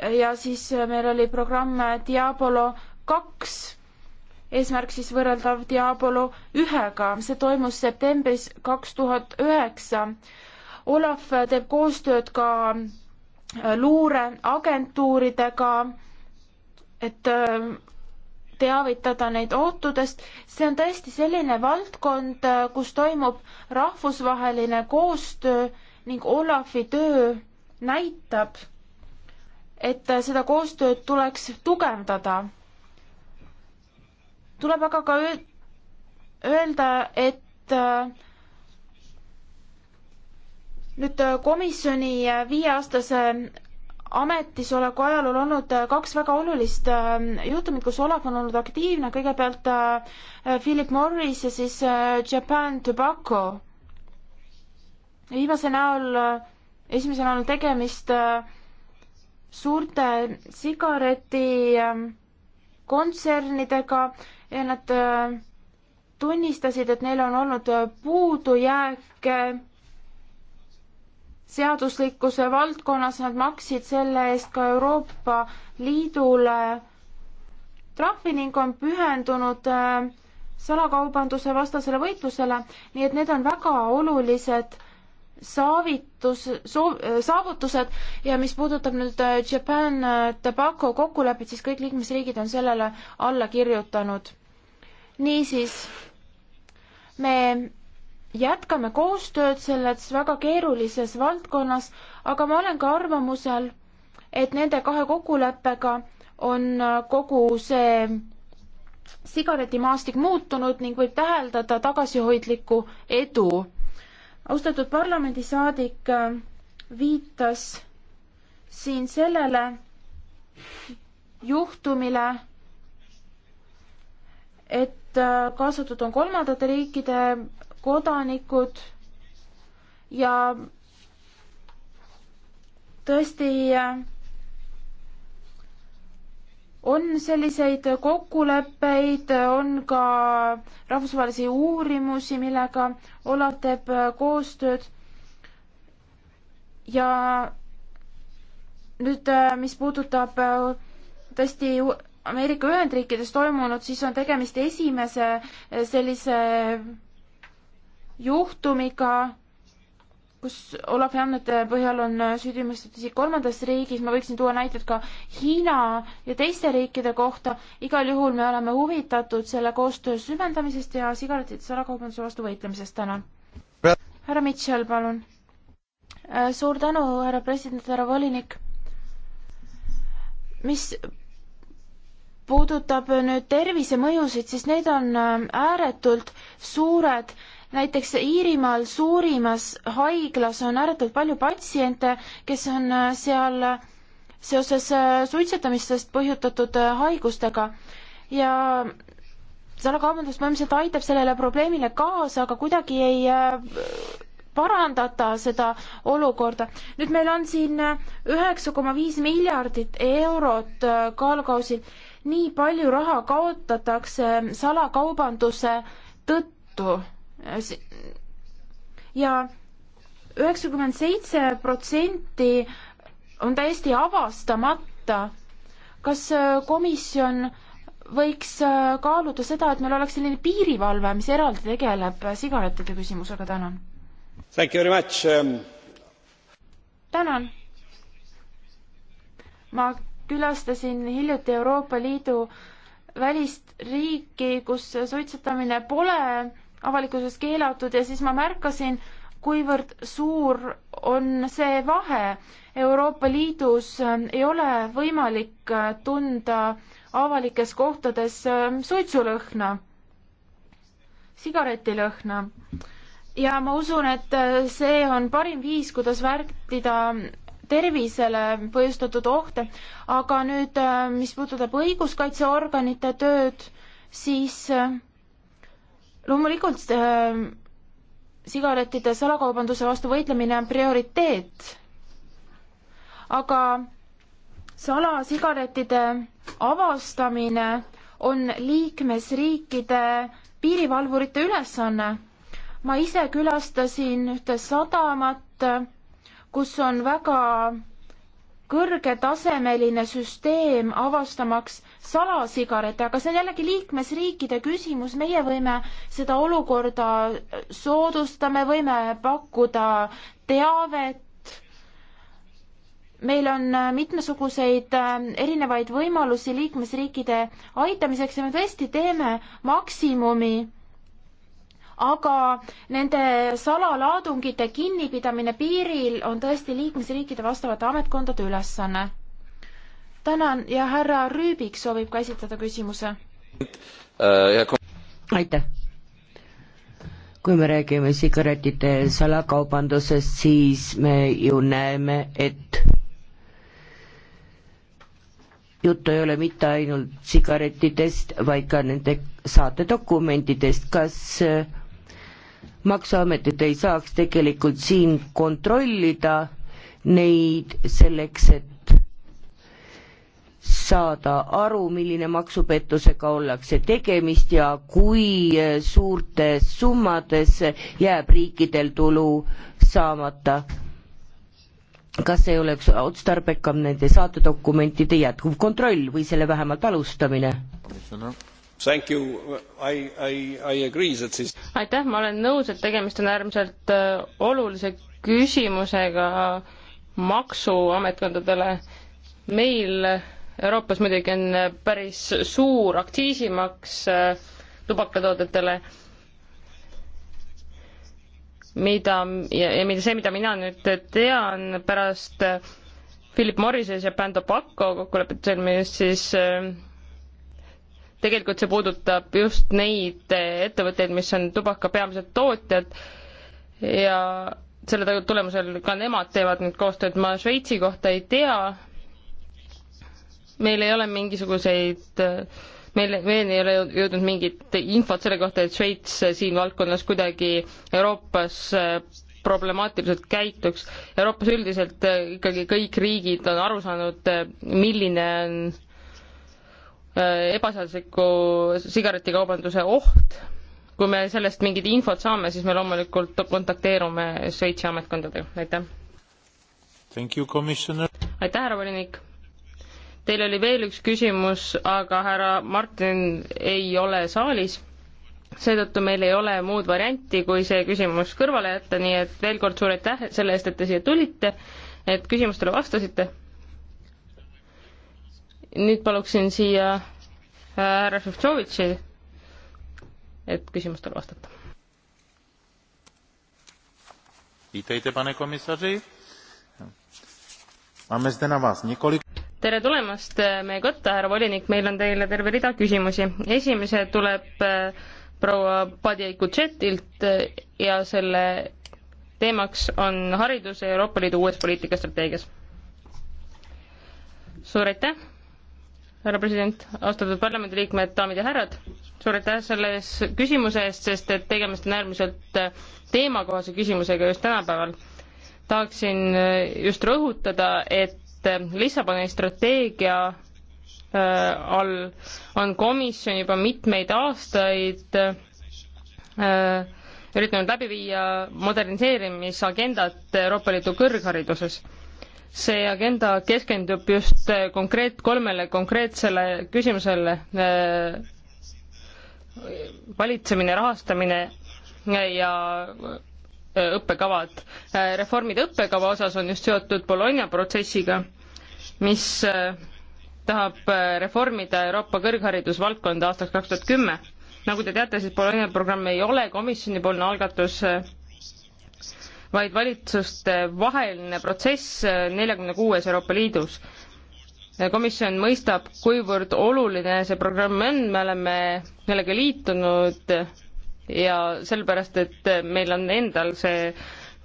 ja siis äh, meil oli programm äh, Diabolo kaks, eesmärk siis võrreldav Diabolo ühega, see toimus septembris kaks tuhat üheksa. Olav äh, teeb koostööd ka luureagentuuridega, et teavitada neid ootudest, see on tõesti selline valdkond, kus toimub rahvusvaheline koostöö ning Olavi töö näitab et seda koostööd tuleks tugevdada. tuleb aga ka öelda, et äh, nüüd äh, komisjoni äh, viieaastase ametisoleku ajal on olnud kaks väga olulist juhtumit, kus Olav on olnud aktiivne, kõigepealt Philip Morris ja siis Japan Tobacco. viimase näol, esimese näol on tegemist äh, suurte sigaretikontsernidega ja nad äh, tunnistasid, et neil on olnud puudujääke seaduslikkuse valdkonnas, nad maksid selle eest ka Euroopa Liidule trahvi ning on pühendunud äh, salakaubanduse vastasele võitlusele, nii et need on väga olulised saavitus, soov, saavutused ja mis puudutab nüüd äh, Japan äh, Tobacco kokkulepet, siis kõik liikmesriigid on sellele alla kirjutanud. niisiis, me jätkame koostööd selles väga keerulises valdkonnas, aga ma olen ka arvamusel, et nende kahe kokkuleppega on äh, kogu see sigaretimaastik muutunud ning võib täheldada tagasihoidlikku edu austatud parlamendisaadik äh, viitas siin sellele juhtumile, et äh, kaasatud on kolmandate riikide kodanikud ja tõesti äh, on selliseid kokkuleppeid, on ka rahvusvahelisi uurimusi, millega Olav teeb koostööd. ja nüüd, äh, mis puudutab äh, tõesti Ameerika Ühendriikides toimunud, siis on tegemist esimese äh, sellise juhtumiga, kus Olavi andmete põhjal on süüdimõistetud isik kolmandas riigis, ma võiksin tuua näited ka Hiina ja teiste riikide kohta, igal juhul me oleme huvitatud selle koostöö süvendamisest ja sigaretite salakaubanduse vastu võitlemisest, tänan. härra Mitchell, palun. Äh, suur tänu, härra president, härra volinik. mis puudutab nüüd tervisemõjusid, siis need on äh, ääretult suured näiteks Iirimaal suurimas haiglas on ääretult palju patsiente, kes on äh, seal äh, seoses äh, suitsetamistest põhjutatud haigustega ja salakaubandus põhimõtteliselt aitab sellele probleemile kaasa, aga kuidagi ei parandata seda olukorda. nüüd meil on siin üheksa koma viis miljardit eurot kaalukausil, nii palju raha kaotatakse salakaubanduse tõttu ja üheksakümmend seitse protsenti on täiesti avastamata. kas äh, komisjon võiks äh, kaaluda seda, et meil oleks selline piirivalve, mis eraldi tegeleb äh, sigarettide küsimusega, tänan. Um, tänan. ma külastasin hiljuti Euroopa Liidu välist riiki, kus suitsetamine pole avalikkuses keelatud ja siis ma märkasin, kuivõrd suur on see vahe. Euroopa Liidus ähm, ei ole võimalik äh, tunda avalikes kohtades ähm, suitsulõhna, sigaretilõhna. ja ma usun, et äh, see on parim viis, kuidas vältida tervisele põhjustatud ohte, aga nüüd, äh, mis puudutab õiguskaitseorganite tööd, siis äh, loomulikult äh, sigarettide salakaubanduse vastu võitlemine on prioriteet, aga salasigarettide avastamine on liikmesriikide piirivalvurite ülesanne. ma ise külastasin ühte sadamat, kus on väga kõrgetasemeline süsteem avastamaks salasigarete, aga see on jällegi liikmesriikide küsimus, meie võime seda olukorda soodustada, me võime pakkuda teavet, meil on mitmesuguseid äh, erinevaid võimalusi liikmesriikide aitamiseks ja me tõesti teeme maksimumi, aga nende salalaadungite kinnipidamine piiril on tõesti liikmesriikide vastavate ametkondade ülesanne tänan ja härra Rüübik soovib ka esitada küsimuse. Äh, aitäh kui me räägime sigaretide salakaubandusest, siis me ju näeme, et juttu ei ole mitte ainult sigaretidest, vaid ka nende saatedokumentidest, kas äh, maksuametit ei saaks tegelikult siin kontrollida neid selleks, et saada aru, milline maksupettusega ollakse tegemist ja kui eh, suurtes summades jääb riikidel tulu saamata. kas ei oleks otstarbekam nende saatedokumentide jätkuv kontroll või selle vähemalt alustamine? I, I, I this... aitäh, ma olen nõus, et tegemist on äärmiselt äh, olulise küsimusega maksuametkondadele. meil Euroopas muidugi on päris suur aktsiisimaks äh, tubakatoodetele, mida ja, ja mida, see, mida mina nüüd tean pärast äh, Philip Morrises ja Pan Tobacco kokkulepet sõlmimist, siis äh, tegelikult see puudutab just neid ettevõtteid, mis on tubaka peamised tootjad ja selle tulemusel ka nemad teevad nüüd koostööd, ma Šveitsi kohta ei tea, meil ei ole mingisuguseid meil, meieni ei ole jõudnud mingit infot selle kohta, et Šveits siin valdkonnas kuidagi Euroopas problemaatiliselt käituks. Euroopas üldiselt ikkagi kõik riigid on aru saanud, milline on äh, ebaseadusliku sigaretikaubanduse oht. kui me sellest mingit infot saame, siis me loomulikult kontakteerume Šveitsi ametkondadega, aitäh. aitäh, härra volinik Teil oli veel üks küsimus, aga härra Martin ei ole saalis. seetõttu meil ei ole muud varianti, kui see küsimus kõrvale jätta, nii et veel kord suur aitäh selle eest, et te siia tulite, et küsimustele vastasite. nüüd paluksin siia äh, härra Šeftšovitši, et küsimustele vastata. Vítejte, pane komisaři. Máme zde na vás několik tere tulemast äh, meie kotta, härra volinik, meil on teile terve rida küsimusi. esimese tuleb äh, proua Padjai Kutšetilt äh, ja selle teemaks on haridus ja Euroopa Liidu uues poliitikastrateegias. suur aitäh, härra president, austatud parlamendiliikmed, daamid ja härrad, suur aitäh selle küsimuse eest, sest et tegemist on äärmiselt teemakohase küsimusega just tänapäeval tahaksin just rõhutada, et et Lissaboni strateegia äh, all on komisjon juba mitmeid aastaid äh, üritanud läbi viia moderniseerimisagendat Euroopa Liidu kõrghariduses see agenda keskendub just äh, konkreet-, kolmele konkreetsele küsimusele, valitsemine, rahastamine ja õppekavad. reformid õppekava osas on just seotud Bologna protsessiga mis äh, tahab äh, reformida Euroopa kõrgharidusvaldkonda aastaks kaks tuhat kümme. nagu te teate, siis Bologna programm ei ole komisjonipoolne algatus, äh, vaid valitsuste vaheline protsess neljakümne kuues Euroopa Liidus. komisjon mõistab, kuivõrd oluline see programm on, me oleme sellega liitunud ja sellepärast, et meil on endal see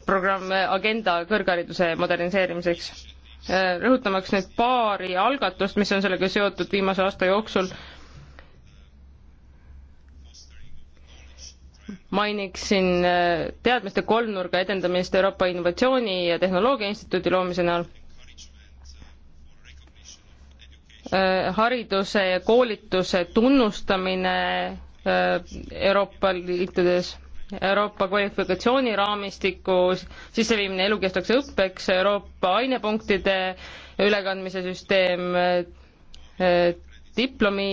programm, agenda kõrghariduse moderniseerimiseks rõhutamaks nüüd paari algatust, mis on sellega seotud viimase aasta jooksul. mainiksin äh, teadmiste kolmnurga edendamist Euroopa Innovatsiooni ja Tehnoloogia Instituudi loomise näol äh, hariduse ja koolituse tunnustamine äh, Euroopa liitudes Euroopa kvalifikatsiooniraamistiku sisseviimine elukestvaks õppeks, Euroopa ainepunktide ülekandmise süsteem, diplomi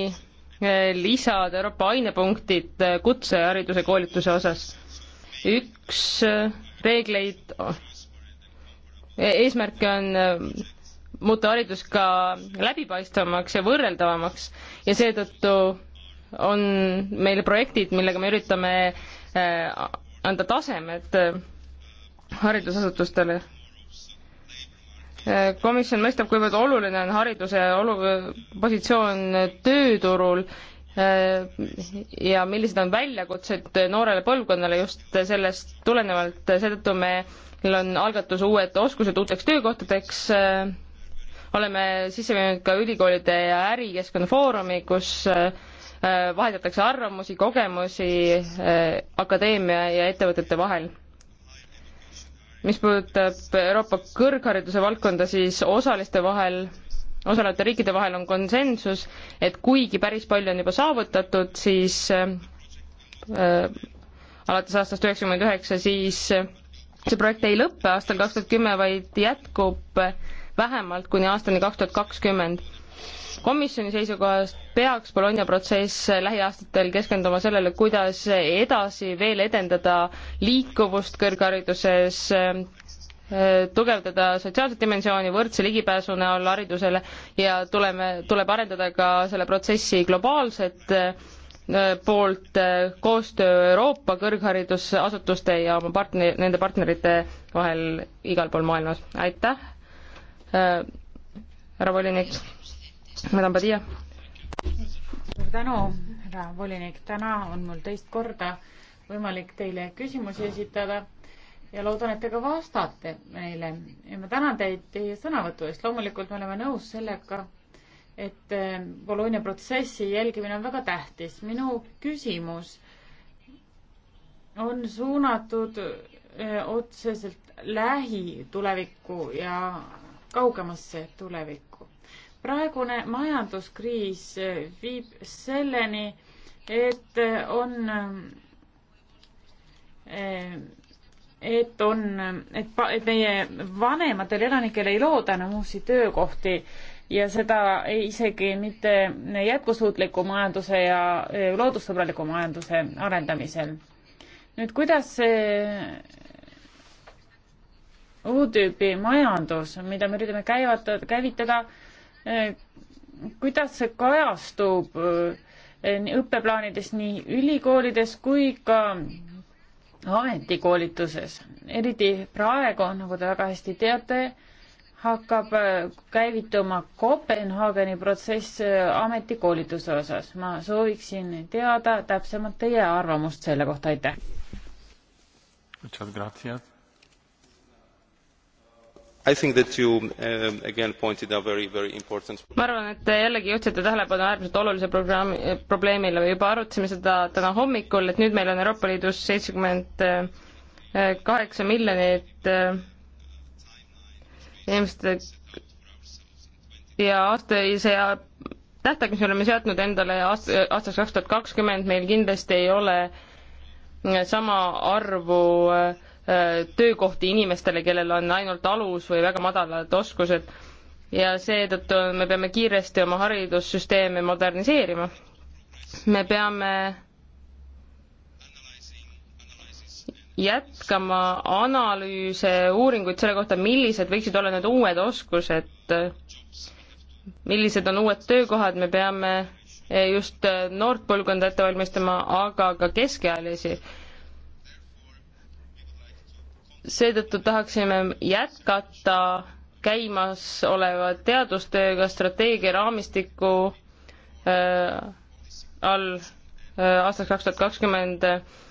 lisad, Euroopa ainepunktid kutsehariduse koolituse osas. üks reegleid, eesmärke on muuta haridus ka läbipaistvamaks ja võrreldavamaks ja seetõttu on meil projektid, millega me üritame Äh, anda tasemed äh, haridusasutustele. Äh, komisjon mõistab, kuivõrd oluline on hariduse olu-, positsioon tööturul ja millised on väljakutsed noorele põlvkonnale just sellest tulenevalt, seetõttu meil on algatus Uued oskused uuteks töökohtadeks, oleme sisse viinud ka ülikoolide ja ärikeskkonna foorumi, kus äh, Äh, vahetatakse arvamusi, kogemusi äh, akadeemia ja ettevõtete vahel. mis puudutab Euroopa kõrghariduse valdkonda, siis osaliste vahel osalevate riikide vahel on konsensus, et kuigi päris palju on juba saavutatud, siis äh, äh alates aastast üheksakümmend üheksa, siis see projekt ei lõppe aastal kaks tuhat kümme, vaid jätkub vähemalt kuni aastani kaks tuhat kakskümmend komisjoni seisukohast peaks Bologna protsess lähiaastatel keskenduma sellele, kuidas edasi veel edendada liikuvust kõrghariduses, tugevdada sotsiaalset dimensiooni võrdse ligipääsu näol haridusele ja tuleme, tuleb arendada ka selle protsessi globaalset äh, poolt äh, koostöö Euroopa kõrgharidusasutuste ja oma partner, nende partnerite vahel igal pool maailmas. aitäh, äh, härra volinik! Madame Padilla. suur tänu, härra volinik, täna on mul teist korda võimalik teile küsimusi esitada ja loodan, et te ka vastate meile. ja ma tänan teid teie sõnavõtu eest, loomulikult me oleme nõus sellega, et eh, Bologna protsessi jälgimine on väga tähtis. minu küsimus on suunatud eh, otseselt lähitulevikku ja kaugemasse tulevikku praegune majanduskriis viib selleni, et on, et on, et, et meie vanematel elanikel ei looda enam uusi töökohti ja seda isegi mitte jätkusuutliku majanduse ja loodussõbraliku majanduse arendamisel. nüüd kuidas see uut tüüpi majandus, mida me üritame käivata, käivitada, Eh, kuidas see kajastub eh, õppeplaanides nii ülikoolides kui ka ametikoolituses, eriti praegu, nagu te väga hästi teate, hakkab eh, käivituma Kopenhaageni protsess ametikoolituse osas. ma sooviksin teada täpsemalt teie arvamust selle kohta, aitäh. You, um, again, very, very ma arvan, et te jällegi juhtisite tähelepanu äärmiselt olulise programmi, probleemile, me juba arutasime seda täna hommikul, et nüüd meil on Euroopa Liidus seitsekümmend eh, kaheksa miljonit eh, inimest ja aasta, see tähtaeg, mis me oleme seadnud endale aast-, aastaks kaks tuhat kakskümmend, meil kindlasti ei ole eh, sama arvu äh, Äh, töökohti inimestele, kellel on ainult alus või väga madalad oskused. ja seetõttu me peame kiiresti oma haridussüsteeme moderniseerima. me peame jätkama analüüse, uuringuid selle kohta, millised võiksid olla need uued oskused, millised on uued töökohad, me peame just noort põlvkonda ette valmistama, aga ka keskealisi seetõttu tahaksime jätkata käimasoleva teadustööga strateegia raamistiku äh, all äh, aastaks kaks tuhat kakskümmend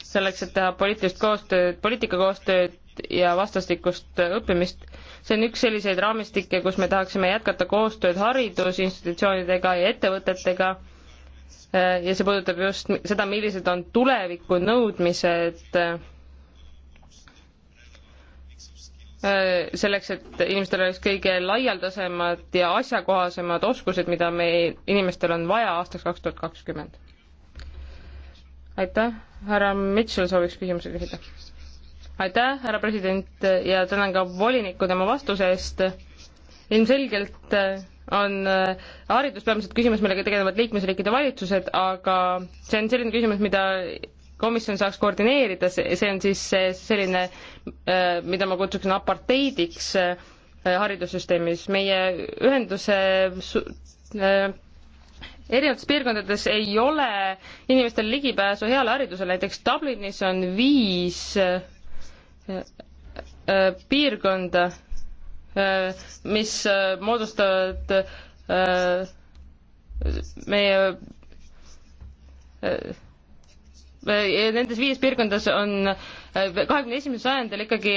selleks, et teha poliitilist koostööd, poliitikakoostööd ja vastastikust õppimist. see on üks selliseid raamistikke, kus me tahaksime jätkata koostööd haridusinstitutsioonidega ja ettevõtetega äh, ja see puudutab just seda, millised on tuleviku nõudmised äh, Äh, selleks, et inimestel oleks kõige laialdasemad ja asjakohasemad oskused, mida meil inimestel on vaja aastaks kaks tuhat kakskümmend. aitäh, härra Mitchell sooviks küsimuse küsida. aitäh, härra president ja tänan ka volinikku tema vastuse eest. ilmselgelt äh, on äh, haridus peamiselt küsimus, millega tegelevad liikmesriikide valitsused, aga see on selline küsimus, mida komisjon saaks koordineerida, see on siis selline, äh, mida ma kutsuksin aparteidiks äh, haridussüsteemis. meie ühenduse äh, erinevates piirkondades ei ole inimestel ligipääsu heale haridusele, näiteks Dublinis on viis piirkonda, mis moodustavad meie nendes viies piirkondades on äh, kahekümne esimesel sajandil ikkagi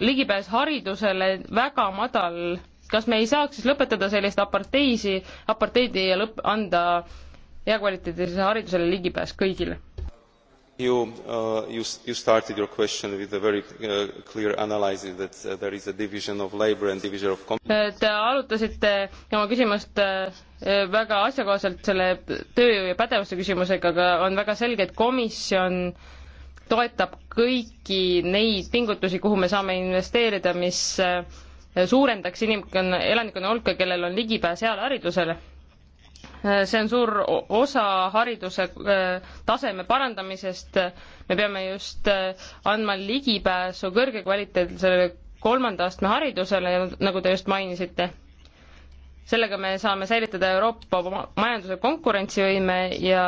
ligipääs haridusele väga madal. kas me ei saaks siis lõpetada sellist aparteisi, aparteidi ja lõpp, anda hea kvaliteedilisele haridusele ligipääs kõigile? Uh, you started your question with a very uh, clear analysis that uh, there is a division of labor and division of äh, Te arutasite oma küsimust äh, äh, väga asjakohaselt selle tööjõu ja pädevuste küsimusega, aga on väga selge, et komisjon toetab kõiki neid pingutusi, kuhu me saame investeerida, mis suurendaks inimkonna, elanikkonna hulka, kellel on ligipääs heale haridusele Eh, see on suur osa hariduse eh, taseme parandamisest. me peame just eh, andma ligipääsu kõrgekvaliteetsele kolmanda astme haridusele, nagu te just mainisite. sellega me saame säilitada Euroopa majanduse konkurentsivõime ja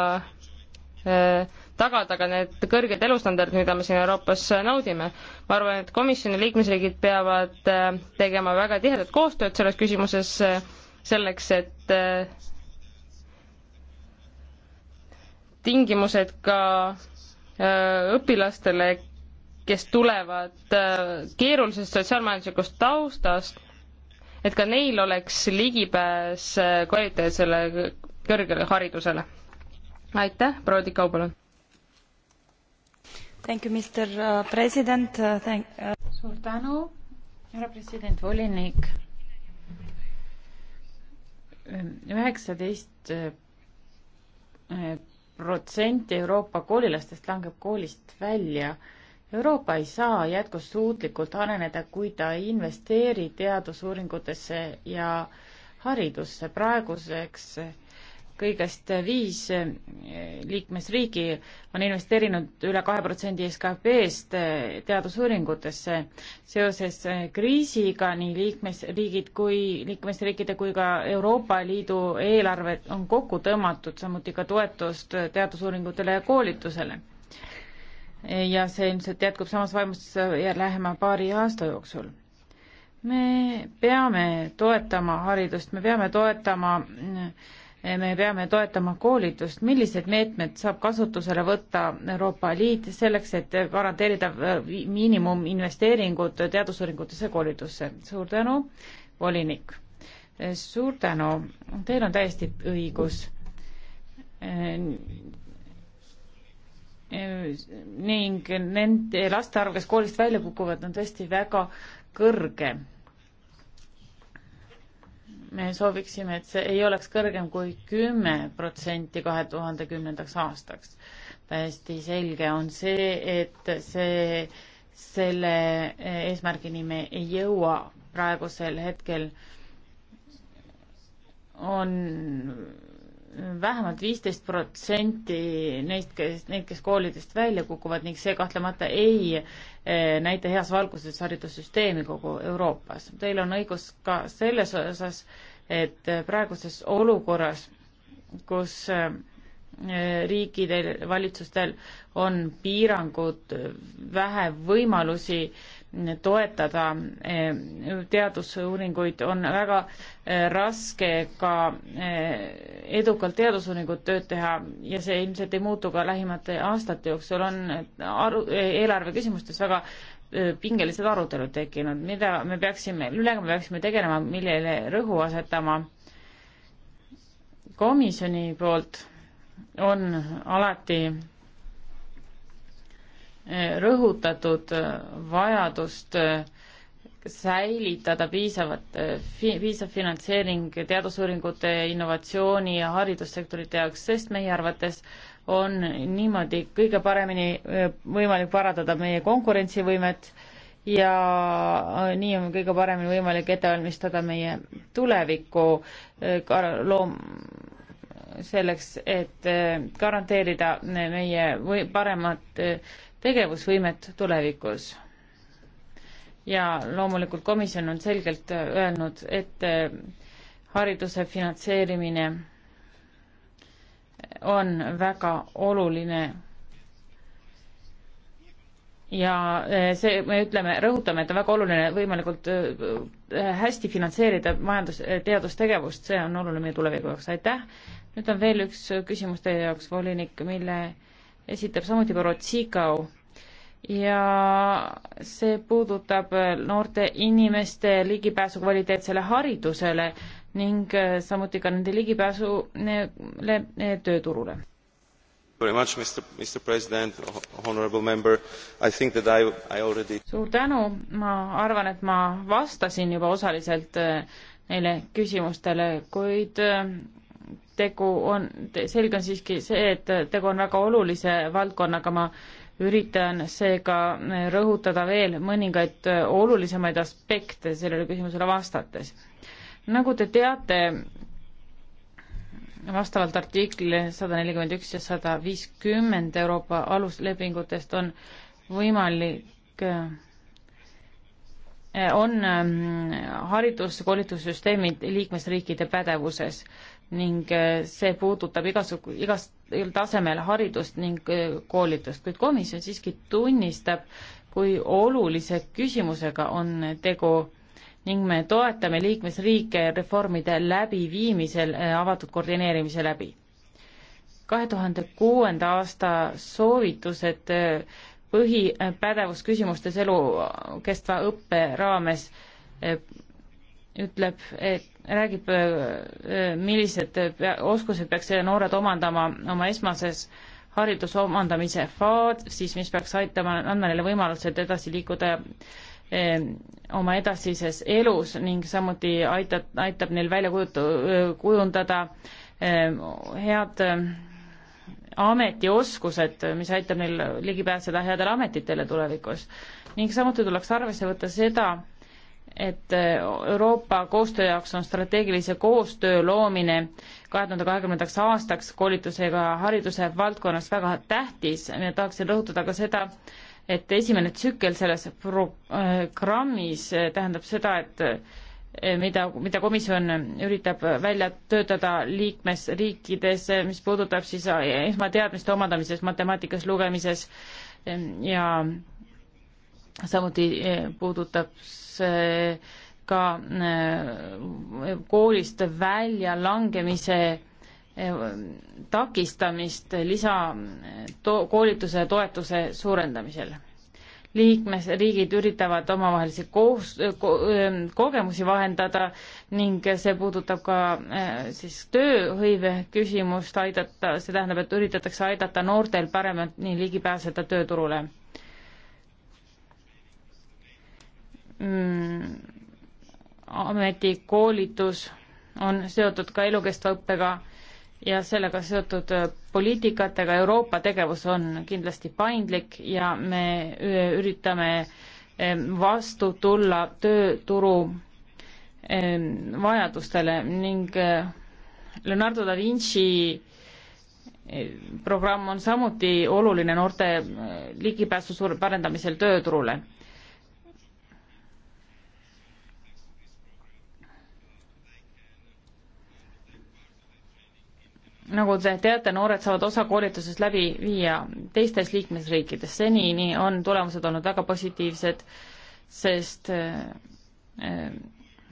tagada ka need kõrged elustandardid, mida me siin Euroopas naudime. ma arvan, et komisjoni liikmesriigid peavad tegema väga tihedat koostööd selles küsimuses, selleks et tingimused ka äh, õpilastele, kes tulevad äh, keerulisest sotsiaalmajanduslikust taustast, et ka neil oleks ligipääs äh, kvaliteetsele kõrgele haridusele. aitäh, proua Tikau, palun! Thank you, Mr uh, President uh, Thank.... Uh, suur tänu, härra president, volinik. üheksateist protsenti Euroopa koolilastest langeb koolist välja. Euroopa ei saa jätkusuutlikult areneda, kui ta ei investeeri teadusuuringutesse ja haridusse. praeguseks kõigest viis eh, liikmesriigi on investeerinud üle kahe protsendi SKP-st eh, teadusuuringutesse. seoses eh, kriisiga nii liikmesriigid kui, liikmesriikide kui ka Euroopa Liidu eelarved on kokku tõmmatud, samuti ka toetust teadusuuringutele ja koolitusele. ja see ilmselt jätkub samas vaimus lähema paari aasta jooksul me peame toetama haridust, me peame toetama äh, me peame toetama koolitust, millised meetmed saab kasutusele võtta Euroopa Liit selleks, et garanteerida äh, miinimuminvesteeringud teadusuuringutesse ja koolitusse. suur tänu, volinik. suur tänu, teil on täiesti õigus. ning nende laste arv, kes koolist välja kukuvad, on tõesti väga kõrge me sooviksime, et see ei oleks kõrgem kui kümme protsenti kahe tuhande kümnendaks aastaks. täiesti selge on see, et see, selle eesmärgini me ei jõua praegusel hetkel on vähemalt viisteist protsenti neist, kes, neid, kes koolidest välja kukuvad ning see kahtlemata ei eh, näita heas valguses haridussüsteemi kogu Euroopas. Teil on õigus ka selles osas, et praeguses olukorras, kus eh, riikidel, valitsustel on piirangud, vähe võimalusi toetada eh, teadusuuringuid, on väga eh, raske ka eh, edukalt teadusuuringut tööd teha ja see ilmselt ei muutu ka lähimate aastate jooksul, on aru, eelarve küsimustes väga pingelised arutelud tekkinud, mida me peaksime, millega me peaksime tegelema, millele rõhu asetama komisjoni poolt on alati rõhutatud äh, vajadust äh, säilitada piisavat, äh, piisav finantseering teadusuuringute, innovatsiooni ja haridussektorite jaoks, sest meie arvates on niimoodi kõige paremini võimalik parandada meie konkurentsivõimet ja nii on kõige paremini võimalik ette valmistada meie tulevikku loom-, selleks, et garanteerida meie või paremat tegevusvõimet tulevikus. ja loomulikult komisjon on selgelt öelnud, et eh, hariduse finantseerimine on väga oluline ja eh, see, me ütleme, rõhutame, et on väga oluline võimalikult eh, hästi finantseerida majandus, teadustegevust, see on oluline meie tuleviku jaoks, aitäh. nüüd on veel üks küsimus teie jaoks, volinik, mille esitab samuti Borotsikau ja see puudutab noorte inimeste ligipääsu kvaliteetsele haridusele ning samuti ka nende ligipääsu tööturule. Much, Mr. Mr. I, I already... suur tänu, ma arvan, et ma vastasin juba osaliselt eh, neile küsimustele, kuid eh, tegu on, selge on siiski see, et tegu on väga olulise valdkonnaga, ma üritan seega rõhutada veel mõningaid olulisemaid aspekte sellele küsimusele vastates. nagu te teate, vastavalt artiklile sada nelikümmend üks ja sada viiskümmend Euroopa aluslepingutest on võimalik on mm, hariduskoolitussüsteemid liikmesriikide pädevuses ning äh, see puudutab igasugu, igas, igal tasemel haridust ning äh, koolitust, kuid komisjon siiski tunnistab, kui olulise küsimusega on tegu ning me toetame liikmesriike reformide läbiviimisel äh, avatud koordineerimise läbi. kahe tuhande kuuenda aasta soovitused põhipädevusküsimustes elukestva õppe raames ütleb, et räägib, äh, äh, millised oskused peaks noored omandama oma esmases hariduse omandamise faasis, mis peaks aitama, andma neile võimalused edasi liikuda äh, oma edasises elus ning samuti aitab, aitab neil välja kujutu-, kujundada head ametioskused, mis aitab neil ligi pääseda headele ametitele tulevikus. ning samuti tuleks arvesse võtta seda, et äh, Euroopa koostöö jaoks on strateegilise koostöö loomine kahe tuhande kahekümnendaks aastaks koolitusega hariduse valdkonnas väga tähtis. tahaksin rõhutada ka seda, et esimene tsükkel selles programmis äh, äh, tähendab seda, et mida, mida komisjon üritab välja töötada liikmesriikides, mis puudutab siis esmateadmiste omandamises, matemaatikas, lugemises ja samuti eh, puudutab see ka eh, koolist väljalangemise eh, takistamist lisakoolituse toetuse suurendamisel. liikmesriigid üritavad omavahelisi koos- ko,, kogemusi vahendada ning see puudutab ka siis tööhõive küsimust aidata, see tähendab, et üritatakse aidata noortel paremini ligi pääseda tööturule mm, ametikoolitus on seotud ka elukestva õppega ja sellega seotud äh, poliitikatega. Euroopa tegevus on kindlasti paindlik ja me äh, üritame äh, vastu tulla tööturu ähm, vajadustele ning Leonardo da Vinci programm on samuti oluline noorte ligipääsu parendamisel tööturule nagu te teate, noored saavad osa koolitusest läbi viia teistes liikmesriikides. senini on tulemused olnud väga positiivsed, sest eh, eh,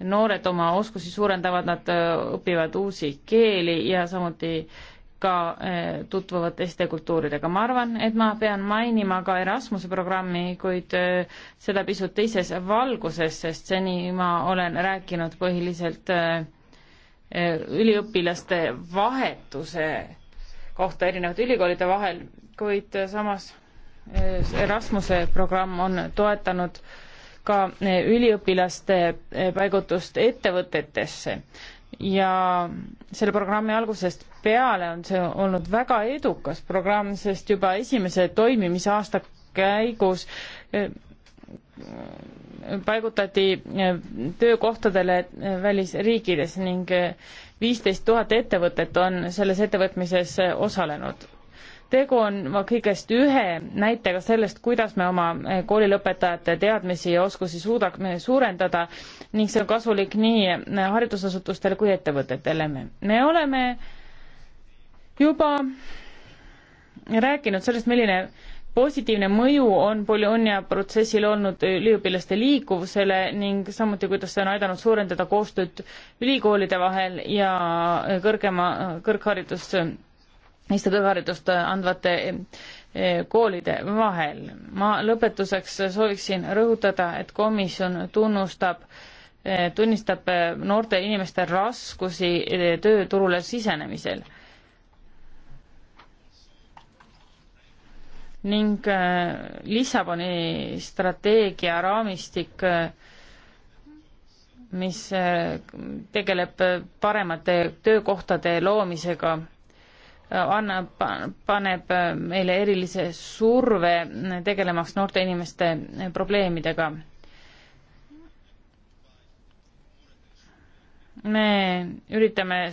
noored oma oskusi suurendavad, nad eh, õpivad uusi keeli ja samuti ka tutvuvad teiste kultuuridega. ma arvan, et ma pean mainima ka Erasmuse programmi, kuid seda pisut teises valguses, sest seni ma olen rääkinud põhiliselt üliõpilaste vahetuse kohta erinevate ülikoolide vahel, kuid samas eh, Erasmuse programm on toetanud ka eh, üliõpilaste eh, paigutust ettevõtetesse ja selle programmi algusest peale on see olnud väga edukas programm, sest juba esimese toimimisaasta käigus paigutati äh, töökohtadele äh, välisriikides ning äh, viisteist tuhat ettevõtet on selles ettevõtmises osalenud. tegu on kõigest ühe näitega sellest, kuidas me oma koolilõpetajate teadmisi ja oskusi suudame suurendada ning see on kasulik nii haridusasutustele kui ettevõtetele. me oleme juba rääkinud sellest, milline positiivne mõju on Bologna protsessil olnud üliõpilaste liikuvusele ning samuti, kuidas see on aidanud suurendada koostööd ülikoolide vahel ja kõrgema, kõrgharidust, Eesti kõrgharidust andvate e, koolide vahel. ma lõpetuseks sooviksin rõhutada, et komisjon tunnustab e, tunnistab noorte inimeste raskusi e, tööturule sisenemisel ning äh, Lissaboni strateegia raamistik, äh, mis äh, tegeleb paremate töökohtade loomisega, annab, paneb meile erilise surve tegelemaks noorte inimeste probleemidega. me üritame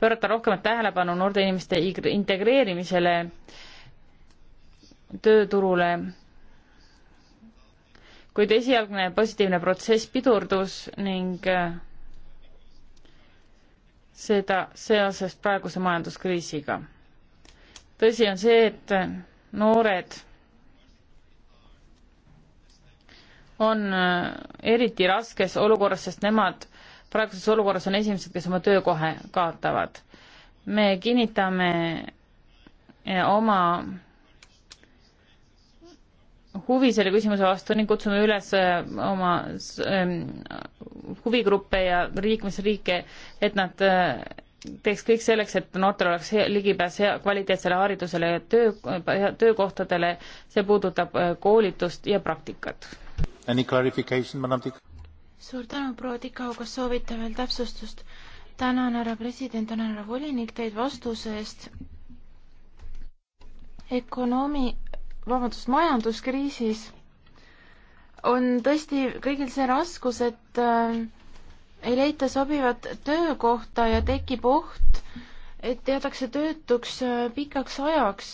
pöörata rohkemat tähelepanu noorte inimeste integreerimisele äh, tööturule. kuid esialgne positiivne protsess pidurdus ning äh, seda seoses praeguse majanduskriisiga. tõsi on see, et noored on äh, eriti raskes olukorras, sest nemad praeguses olukorras on esimesed, kes oma töökoha kaotavad. me kinnitame äh, oma huvi selle küsimuse vastu ning kutsume üles äh, oma ähm, huvigruppe ja liikmesriike, et nad äh, teeks kõik selleks, et noortel oleks hea, ligipääs hea kvaliteetsele haridusele ja töö, töökohtadele, see puudutab äh, koolitust ja praktikat. suur tänu, proua Tikau, kas soovite veel täpsustust? tänan, härra president, tänan, härra volinik, teid vastuse eest. Ökonoomi vabandust, majanduskriisis on tõesti kõigil see raskus, et äh, ei leita sobivat töökohta ja tekib oht, et jäädakse töötuks äh, pikaks ajaks.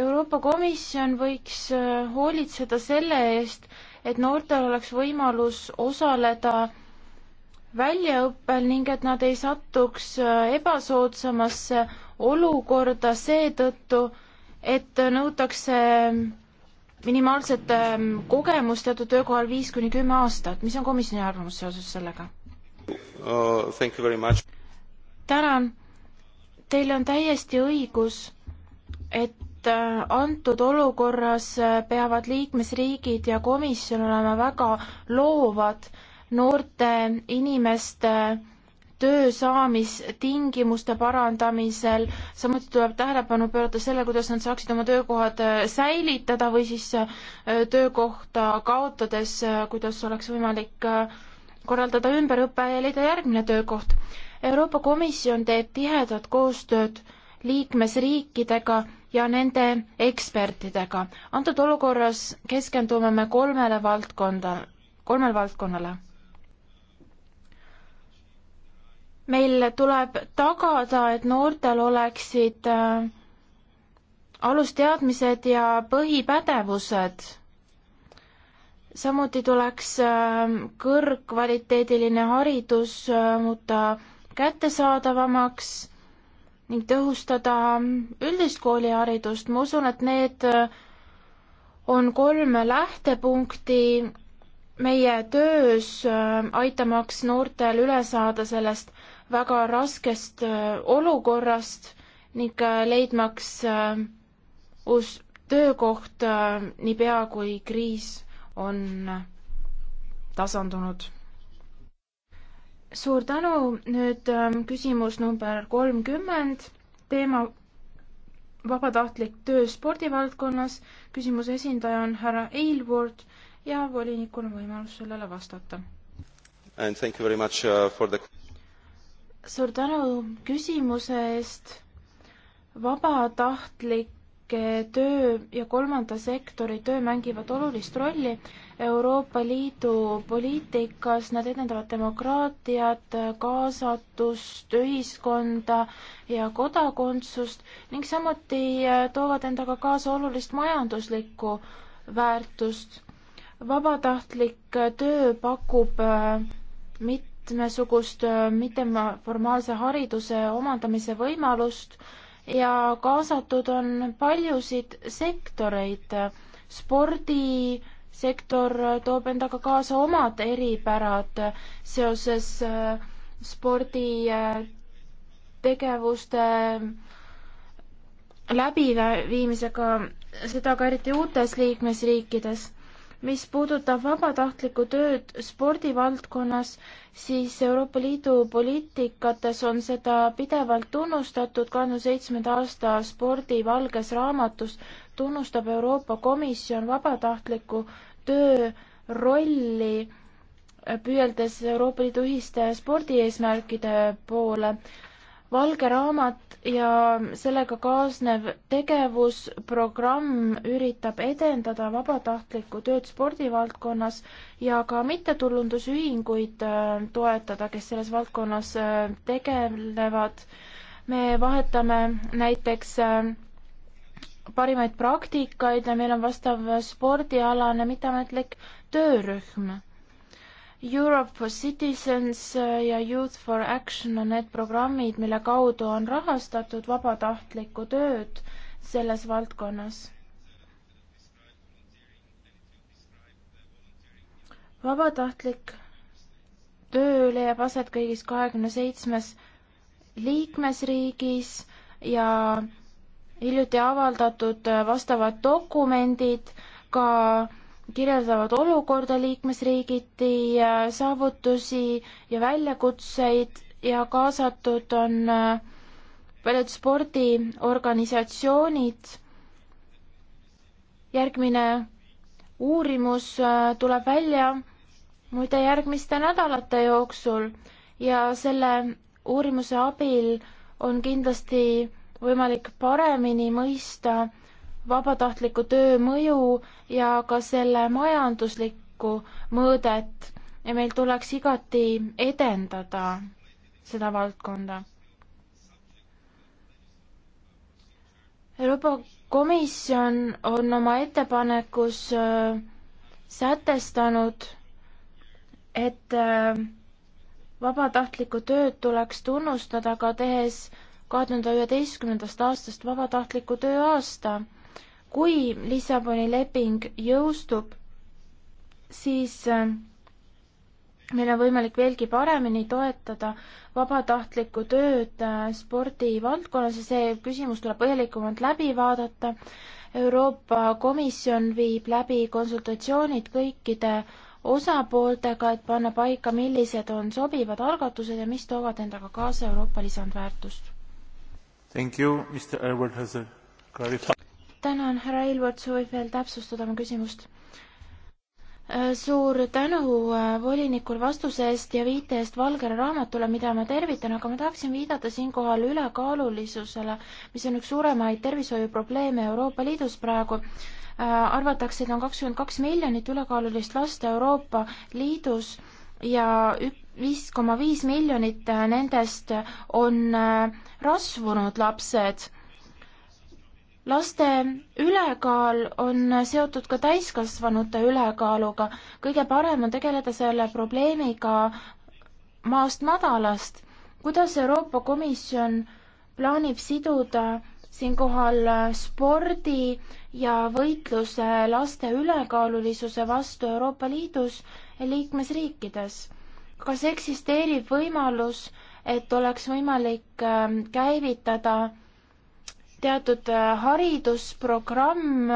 Euroopa Komisjon võiks äh, hoolitseda selle eest, et noortel oleks võimalus osaleda väljaõppel ning et nad ei satuks äh, ebasoodsamasse olukorda seetõttu, et nõutakse minimaalset ähm, kogemust teatud töökohal viis kuni kümme aastat. mis on komisjoni arvamus seoses sellega uh,? tänan. Teil on täiesti õigus, et äh, antud olukorras äh, peavad liikmesriigid ja komisjon olema väga loovad noorte inimeste töö saamistingimuste parandamisel, samuti tuleb tähelepanu pöörata selle, kuidas nad saaksid oma töökohad äh, säilitada või siis äh, töökohta kaotades, äh, kuidas oleks võimalik korraldada ümberõpe ja leida järgmine töökoht. Euroopa Komisjon teeb tihedat koostööd liikmesriikidega ja nende ekspertidega. antud olukorras keskendume me kolmele valdkonda, kolmele valdkonnale meil tuleb tagada, et noortel oleksid äh, alusteadmised ja põhipädevused. samuti tuleks äh, kõrgkvaliteediline haridus äh, muuta kättesaadavamaks ning tõhustada üldist kooliharidust. ma usun, et need on kolm lähtepunkti, meie töös aitamaks noortel üle saada sellest väga raskest äh, olukorrast ning äh, leidmaks äh, uus töökoht niipea, kui kriis on tasandunud. suur tänu, nüüd ähm, küsimus number kolmkümmend, teema vabatahtlik töö spordivaldkonnas, küsimuse esindaja on härra Eilvord ja volinikul on võimalus sellele vastata. Uh, the suur tänu küsimuse eest. vabatahtlike töö ja kolmanda sektori töö mängivad olulist rolli Euroopa Liidu poliitikas, nad edendavad demokraatiat, kaasatust, ühiskonda ja kodakondsust ning samuti äh, toovad endaga kaasa olulist majanduslikku väärtust. vabatahtlik äh, töö pakub äh, mit-, mitmesugust äh, mitteformaalse hariduse omandamise võimalust ja kaasatud on paljusid sektoreid. spordisektor toob endaga kaasa omad eripärad seoses äh, sporditegevuste äh, läbiviimisega, seda ka eriti uutes liikmesriikides mis puudutab vabatahtlikku tööd spordivaldkonnas, siis Euroopa Liidu poliitikates on seda pidevalt tunnustatud, kahekümne seitsmenda aasta spordi valges raamatus tunnustab Euroopa Komisjon vabatahtliku töö rolli, püüeldes Euroopa Liidu ühiste spordieesmärkide poole valge raamat ja sellega kaasnev tegevusprogramm üritab edendada vabatahtlikku tööd spordivaldkonnas ja ka mittetulundusühinguid äh, toetada, kes selles valdkonnas äh, tegelevad. me vahetame näiteks äh, parimaid praktikaid ja meil on vastav spordialane mitteametlik töörühm Europe for Citizens ja Youth for Action on need programmid, mille kaudu on rahastatud vabatahtlikku tööd selles valdkonnas. vabatahtlik töö leiab aset kõigis kahekümne seitsmes liikmesriigis ja hiljuti avaldatud vastavad dokumendid ka kirjeldavad olukorda liikmesriigiti, saavutusi ja väljakutseid ja kaasatud on äh, paljud spordiorganisatsioonid. järgmine uurimus äh, tuleb välja muide järgmiste nädalate jooksul ja selle uurimuse abil on kindlasti võimalik paremini mõista vabatahtliku töö mõju ja ka selle majanduslikku mõõdet ja meil tuleks igati edendada seda valdkonda. Euroopa Komisjon on oma ettepanekus äh, sätestanud, et äh, vabatahtlikku tööd tuleks tunnustada ka tehes kahe tuhande üheteistkümnendast aastast vabatahtliku tööaasta kui Lissaboni leping jõustub, siis äh, meil on võimalik veelgi paremini toetada vabatahtlikku tööd äh, spordivaldkonnas ja see küsimus tuleb põhjalikumalt läbi vaadata. Euroopa Komisjon viib läbi konsultatsioonid kõikide osapooltega, et panna paika, millised on sobivad algatused ja mis toovad endaga kaasa Euroopa lisandväärtust. Thank you, Mr Edward has a clarified tänan, härra Ilvord soovib veel täpsustada oma küsimust. Äh, suur tänu äh, volinikul vastuse eest ja viite eest Valgele raamatule, mida ma tervitan, aga ma tahaksin viidata siinkohal ülekaalulisusele, mis on üks suuremaid tervishoiuprobleeme Euroopa Liidus praegu äh, arvatakse, et on kakskümmend kaks miljonit ülekaalulist last Euroopa Liidus ja viis koma viis miljonit nendest on rasvunud lapsed laste ülekaal on seotud ka täiskasvanute ülekaaluga. kõige parem on tegeleda selle probleemiga maast madalast. kuidas Euroopa Komisjon plaanib siduda siinkohal spordi ja võitluse laste ülekaalulisuse vastu Euroopa Liidus ja liikmesriikides? kas eksisteerib võimalus, et oleks võimalik ähm, käivitada teatud äh, haridusprogramm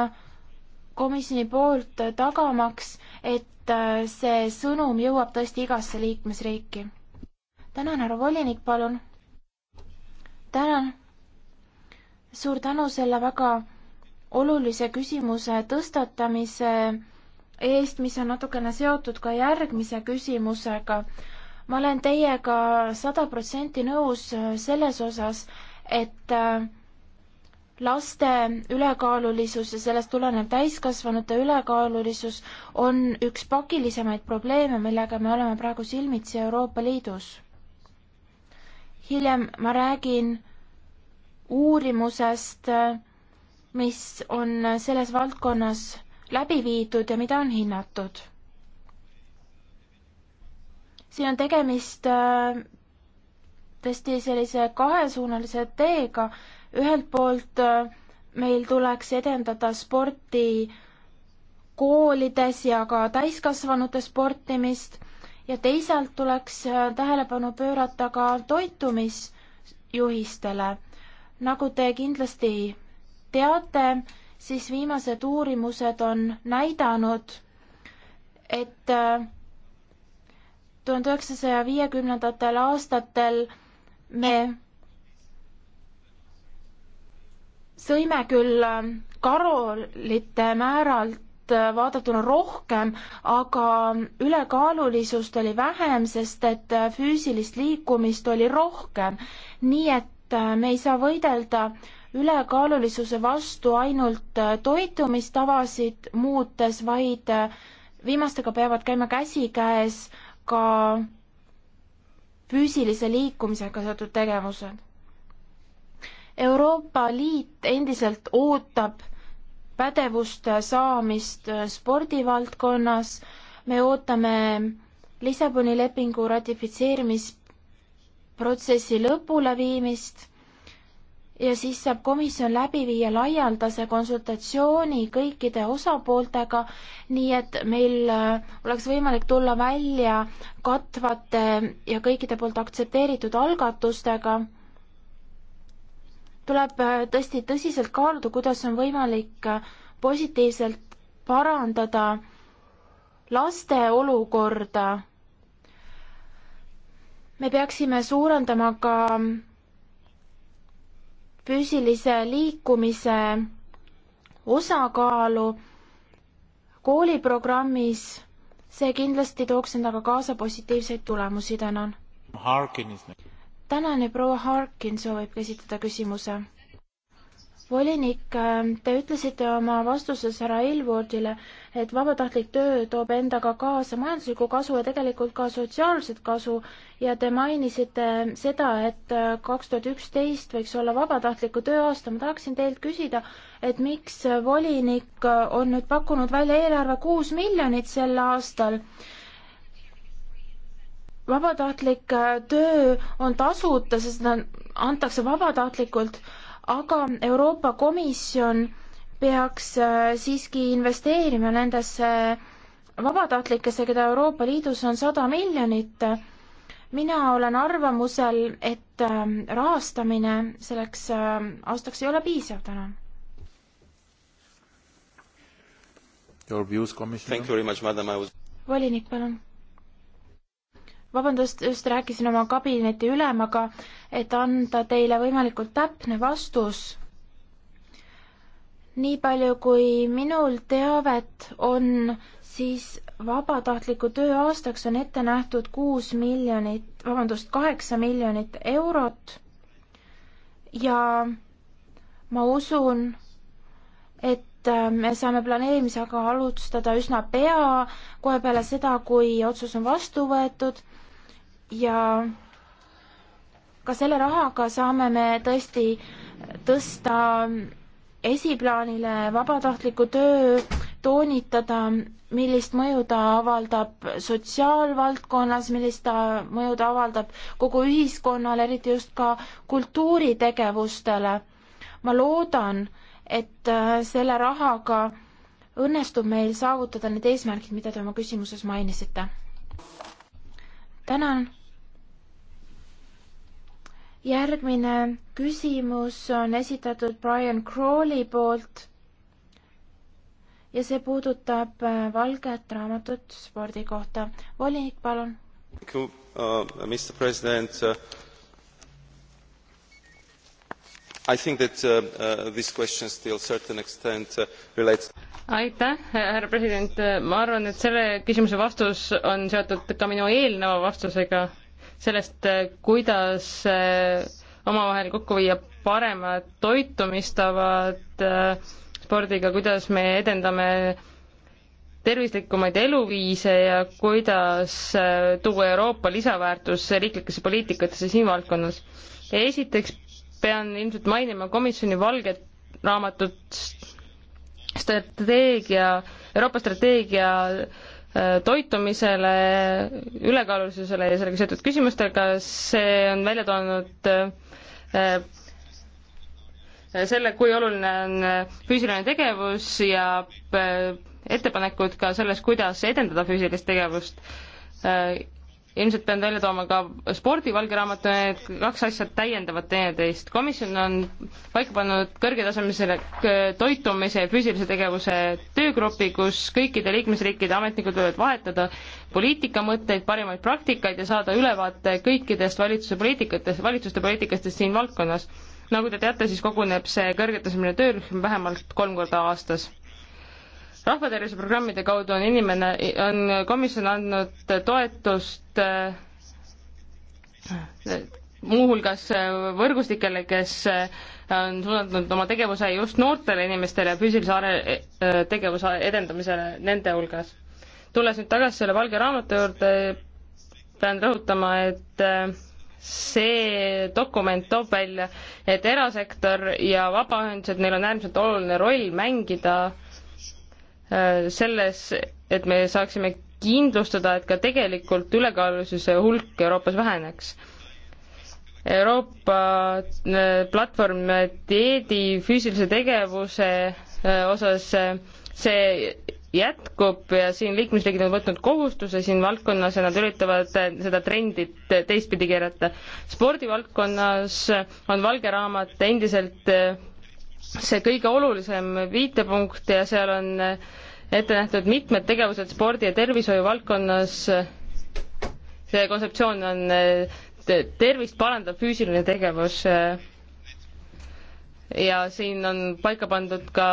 komisjoni poolt tagamaks, et äh, see sõnum jõuab tõesti igasse liikmesriiki. tänan, härra volinik, palun. tänan. suur tänu selle väga olulise küsimuse tõstatamise eest, mis on natukene seotud ka järgmise küsimusega. ma olen teiega sada protsenti nõus selles osas, et äh, laste ülekaalulisus ja sellest tulenev täiskasvanute ülekaalulisus on üks pakilisemaid probleeme, millega me oleme praegu silmitsi Euroopa Liidus. hiljem ma räägin uurimusest, mis on selles valdkonnas läbi viidud ja mida on hinnatud. siin on tegemist äh, tõesti sellise kahesuunalise teega ühelt poolt äh, meil tuleks edendada sporti koolides ja ka täiskasvanute sportimist ja teisalt tuleks äh, tähelepanu pöörata ka toitumisjuhistele. nagu te kindlasti teate, siis viimased uurimused on näidanud, et äh, tuhande üheksasaja viiekümnendatel aastatel me sõime küll ähm, karolite määralt äh, vaadatuna rohkem, aga ülekaalulisust oli vähem, sest et äh, füüsilist liikumist oli rohkem. nii et äh, me ei saa võidelda ülekaalulisuse vastu ainult toitumistavasid muutes, vaid viimastega peavad käima käsikäes ka füüsilise liikumisega seotud tegevused Euroopa Liit endiselt ootab pädevuste saamist spordivaldkonnas, me ootame Lissaboni lepingu ratifitseerimisprotsessi lõpuleviimist ja siis saab komisjon läbi viia laialdase konsultatsiooni kõikide osapooltega, nii et meil äh, oleks võimalik tulla välja katvate ja kõikide poolt aktsepteeritud algatustega tuleb äh, tõesti tõsiselt kaaluda, kuidas on võimalik äh, positiivselt parandada laste olukorda. me peaksime suurendama ka füüsilise liikumise osakaalu kooliprogrammis, see kindlasti tooks endaga kaasa positiivseid tulemusi, tänan tänan ja proua Harkin soovib esitada küsimuse. volinik, ähm, te ütlesite oma vastuses härra Ilvoodile, et vabatahtlik töö toob endaga kaasa majanduslikku kasu ja tegelikult ka sotsiaalset kasu ja te mainisite seda, et äh, kaks tuhat üksteist võiks olla vabatahtliku töö aasta. ma tahaksin teilt küsida, et miks volinik äh, on nüüd pakkunud välja eelarve kuus miljonit sel aastal vabatahtlik äh, töö on tasuta, sest seda antakse vabatahtlikult, aga Euroopa Komisjon peaks äh, siiski investeerima nendesse vabatahtlikesse, keda Euroopa Liidus on sada miljonit. mina olen arvamusel, et ähm, rahastamine selleks ähm, aastaks ei ole piisav täna. Your views, komisjon? Was... volinik, palun vabandust, just rääkisin oma kabineti ülemaga, et anda teile võimalikult täpne vastus. nii palju, kui minul teavet on, siis vabatahtliku töö aastaks on ette nähtud kuus miljonit, vabandust, kaheksa miljonit eurot. ja ma usun, et äh, me saame planeerimisega alustada üsna pea, kohe peale seda, kui otsus on vastu võetud ja ka selle rahaga saame me tõesti tõsta esiplaanile vabatahtliku töö, toonitada, millist mõju ta avaldab sotsiaalvaldkonnas, millist ta mõju ta avaldab kogu ühiskonnale, eriti just ka kultuuritegevustele. ma loodan, et äh, selle rahaga õnnestub meil saavutada need eesmärgid, mida te oma küsimuses mainisite tänan. järgmine küsimus on esitatud Brian Crawley poolt ja see puudutab äh, valget raamatut spordi kohta. volinik, palun. Uh, Mr President uh,, I think that uh, uh, this question still certain extent uh, relates aitäh, härra president, ma arvan, et selle küsimuse vastus on seotud ka minu eelneva vastusega sellest, äh, kuidas äh, omavahel kokku viia paremad toitumistavad äh, spordiga, kuidas me edendame tervislikumaid eluviise ja kuidas tuua Euroopa lisaväärtus riiklikesse poliitikatesse siin valdkonnas. esiteks pean ilmselt mainima komisjoni valget raamatut strateegia, Euroopa strateegia äh, toitumisele, ülekaalulisusele ja sellega seotud küsimustega, see on välja toonud äh, äh, selle, kui oluline on füüsiline tegevus ja ettepanekud ka selles, kuidas edendada füüsilist tegevust ilmselt pean välja tooma ka spordivalge raamatu, need kaks asja täiendavad teineteist. komisjon on paika pannud kõrgetasemelisele toitumise ja füüsilise tegevuse töögrupi, kus kõikide liikmesriikide ametnikud võivad vahetada poliitikamõtteid, parimaid praktikaid ja saada ülevaate kõikidest valitsuse poliitikatest, valitsuste poliitikatest siin valdkonnas. nagu te teate, siis koguneb see kõrgetasemeline töörühm vähemalt kolm korda aastas rahvatervise programmide kaudu on inimene, on komisjon andnud toetust äh, muuhulgas äh, võrgustikele, kes äh, on suunatud oma tegevuse just noortele inimestele ja füüsilise are-, tegevuse edendamisele nende hulgas. tulles nüüd tagasi selle valge raamatu juurde, pean rõhutama, et see dokument toob välja, et erasektor ja vabaühendused, neil on äärmiselt oluline roll mängida Äh, selles, et me saaksime kindlustada, et ka tegelikult ülekaalulisuse hulk Euroopas väheneks. Euroopa äh, platvorm äh, dieedi füüsilise tegevuse osas see jätkub ja siin liikmesriigid on võtnud kohustuse siin valdkonnas ja nad üritavad seda trendi teistpidi keerata. spordivaldkonnas on valge raamat endiselt see kõige olulisem viitepunkt ja seal on ette nähtud mitmed tegevused spordi ja tervishoiu valdkonnas. see kontseptsioon on tervist parandav füüsiline tegevus. ja siin on paika pandud ka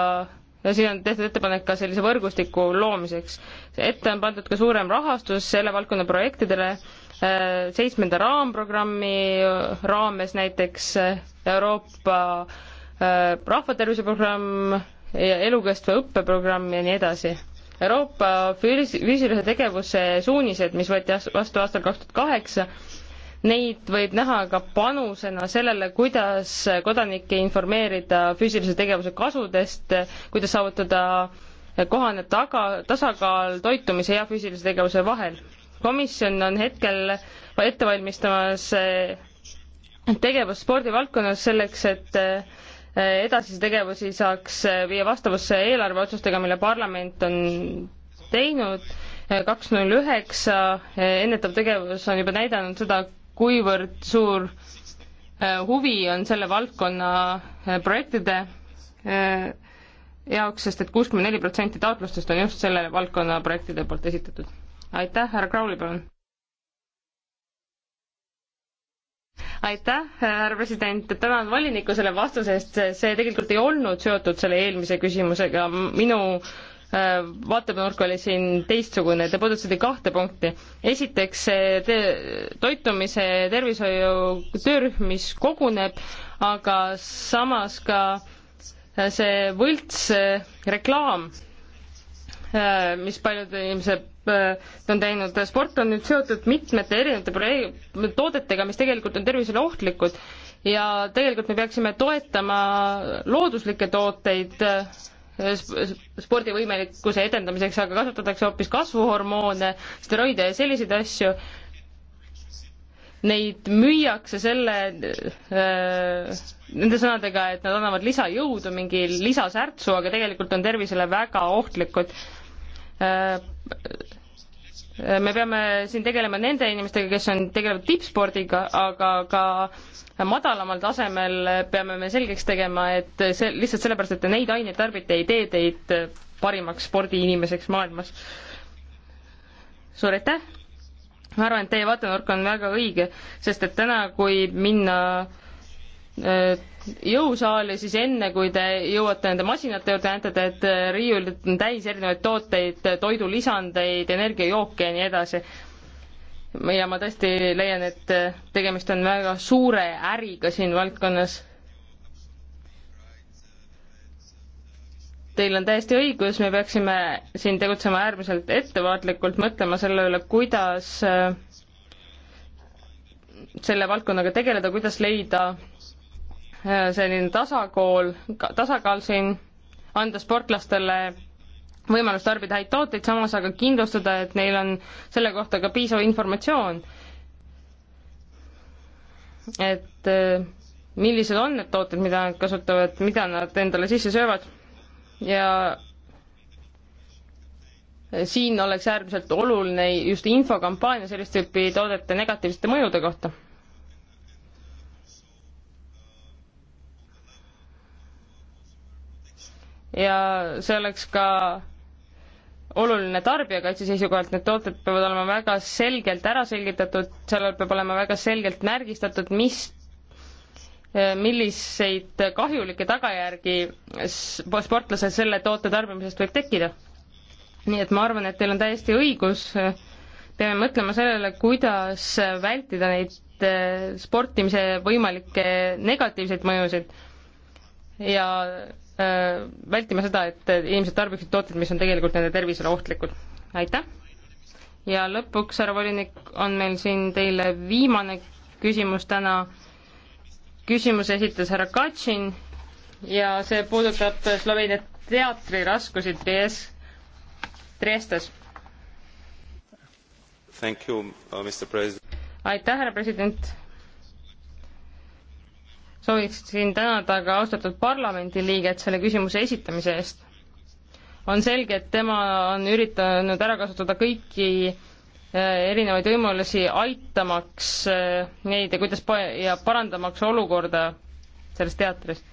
ja siin on tehtud ettepanek ka sellise võrgustiku loomiseks. ette on pandud ka suurem rahastus selle valdkonna projektidele, seitsmenda raamprogrammi raames näiteks Euroopa Äh, rahvatervise programm, elukestva õppeprogramm ja nii edasi. Euroopa füüsilise tegevuse suunised, mis võeti vastu aastal kaks tuhat kaheksa, neid võib näha ka panusena sellele, kuidas kodanikke informeerida füüsilise tegevuse kasudest, kuidas saavutada kohane taga, tasakaal toitumise ja füüsilise tegevuse vahel. komisjon on hetkel ette valmistamas eh, tegevust spordivaldkonnas selleks, et eh, edasisi tegevusi saaks viia vastavusse eelarveotsustega, mille parlament on teinud. kaks null üheksa ennetav tegevus on juba näidanud seda, kuivõrd suur äh, huvi on selle valdkonna äh, projektide äh, jaoks, sest et kuuskümmend neli protsenti taotlustest on just selle valdkonna projektide poolt esitatud. aitäh, härra Krauli, palun! aitäh, härra president, tänan volinikku selle vastuse eest, see tegelikult ei olnud seotud selle eelmise küsimusega, minu äh, vaatepunkt oli siin teistsugune, te puudutasite kahte punkti. esiteks te, toitumise tervishoiu töörühm, mis koguneb, aga samas ka äh, see võltsreklaam, äh, mis paljude inimese Äh, on teinud, äh, sport on nüüd seotud mitmete erinevate projek-, toodetega, mis tegelikult on tervisele ohtlikud ja tegelikult me peaksime toetama looduslikke tooteid äh, spordivõimelikkuse edendamiseks, aga kasutatakse hoopis kasvuhormoone, steroide ja selliseid asju. Neid müüakse selle, nende sõnadega, et nad annavad lisajõudu, mingi lisasärtsu, aga tegelikult on tervisele väga ohtlikud Äh, me peame siin tegelema nende inimestega, kes on, tegelevad tippspordiga, aga ka madalamal tasemel peame me selgeks tegema, et see lihtsalt sellepärast, et te neid aineid tarbite, ei tee teid parimaks spordiinimeseks maailmas. suur aitäh! ma arvan, et teie vaatenurk on väga õige, sest et täna, kui minna äh, jõusaali, siis enne, kui te jõuate nende masinate juurde, näitate, et äh, riiulid on täis erinevaid tooteid, toidulisandeid, energiajooke ja nii edasi. ja ma tõesti leian, et äh, tegemist on väga suure äriga siin valdkonnas. Teil on täiesti õigus, me peaksime siin tegutsema äärmiselt ettevaatlikult, mõtlema selle üle, kuidas äh, selle valdkonnaga tegeleda, kuidas leida Äh, selline tasakaal, tasakaal siin, anda sportlastele võimalus tarbida häid tooteid, samas aga kindlustada, et neil on selle kohta ka piisav informatsioon. et äh, millised on need tooted, mida nad kasutavad, mida nad endale sisse söövad ja siin oleks äärmiselt oluline just infokampaania sellist tüüpi toodete negatiivsete mõjude kohta ja see oleks ka oluline tarbijakaitse seisukohalt, need tooted peavad olema väga selgelt ära selgitatud, sellel peab olema väga selgelt märgistatud, mis, eh, milliseid kahjulikke tagajärgi sportlasel selle toote tarbimisest võib tekkida. nii et ma arvan, et teil on täiesti õigus, peame mõtlema sellele, kuidas vältida neid eh, sportimise võimalikke negatiivseid mõjusid ja Äh, vältima seda, et inimesed tarbiksid tooteid, mis on tegelikult nende tervisele ohtlikud. aitäh! ja lõpuks, härra volinik, on meil siin teile viimane küsimus täna. küsimuse esitas härra Katšin ja see puudutab Sloveenia teatriraskusi Tries-, Triestes. Uh, aitäh, härra president! sooviksin tänada ka austatud parlamendiliiget selle küsimuse esitamise eest. on selge, et tema on üritanud ära kasutada kõiki äh, erinevaid võimalusi aitamaks äh, neid ja kuidas pa- ja parandamaks olukorda selles teatris.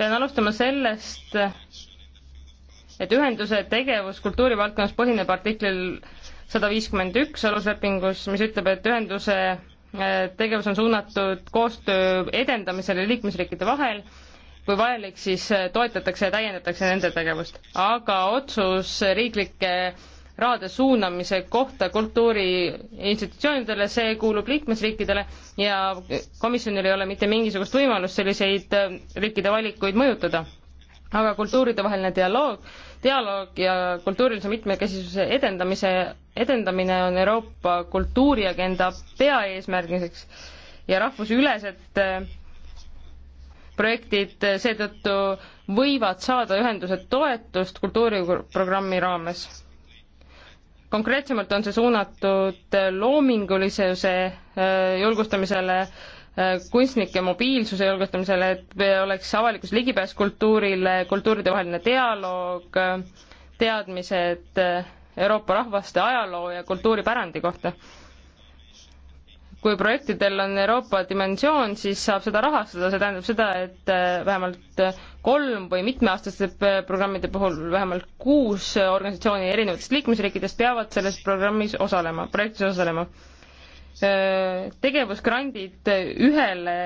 pean alustama sellest, et ühenduse tegevus kultuurivaldkonnas põhineb artiklil sada viiskümmend üks aluslepingus, mis ütleb, et ühenduse äh, tegevus on suunatud koostöö edendamisele liikmesriikide vahel, kui vajalik, siis äh, toetatakse ja täiendatakse nende tegevust. aga otsus riiklike rahade suunamise kohta kultuuriinstitutsioonidele, see kuulub liikmesriikidele ja komisjonil ei ole mitte mingisugust võimalust selliseid äh, riikide valikuid mõjutada. aga kultuuridevaheline dialoog, dialoog ja kultuurilise mitmekesisuse edendamise edendamine on Euroopa kultuuriagenda peaeesmärgiks ja rahvusülesed eh, projektid eh, seetõttu võivad saada ühenduse toetust kultuuriprogrammi raames. konkreetsemalt on see suunatud eh, loomingulisuse julgustamisele, kunstnike mobiilsuse julgustamisele, et oleks avalikus ligipääs kultuurile, kultuuridevaheline dialoog, teadmised Euroopa rahvaste ajaloo ja kultuuripärandi kohta. kui projektidel on Euroopa dimensioon, siis saab seda rahastada, see tähendab seda, et äh, vähemalt kolm või mitmeaastaste programmide puhul vähemalt kuus organisatsiooni erinevatest liikmesriikidest peavad selles programmis osalema, projektis osalema äh, tegevusgrandid ühele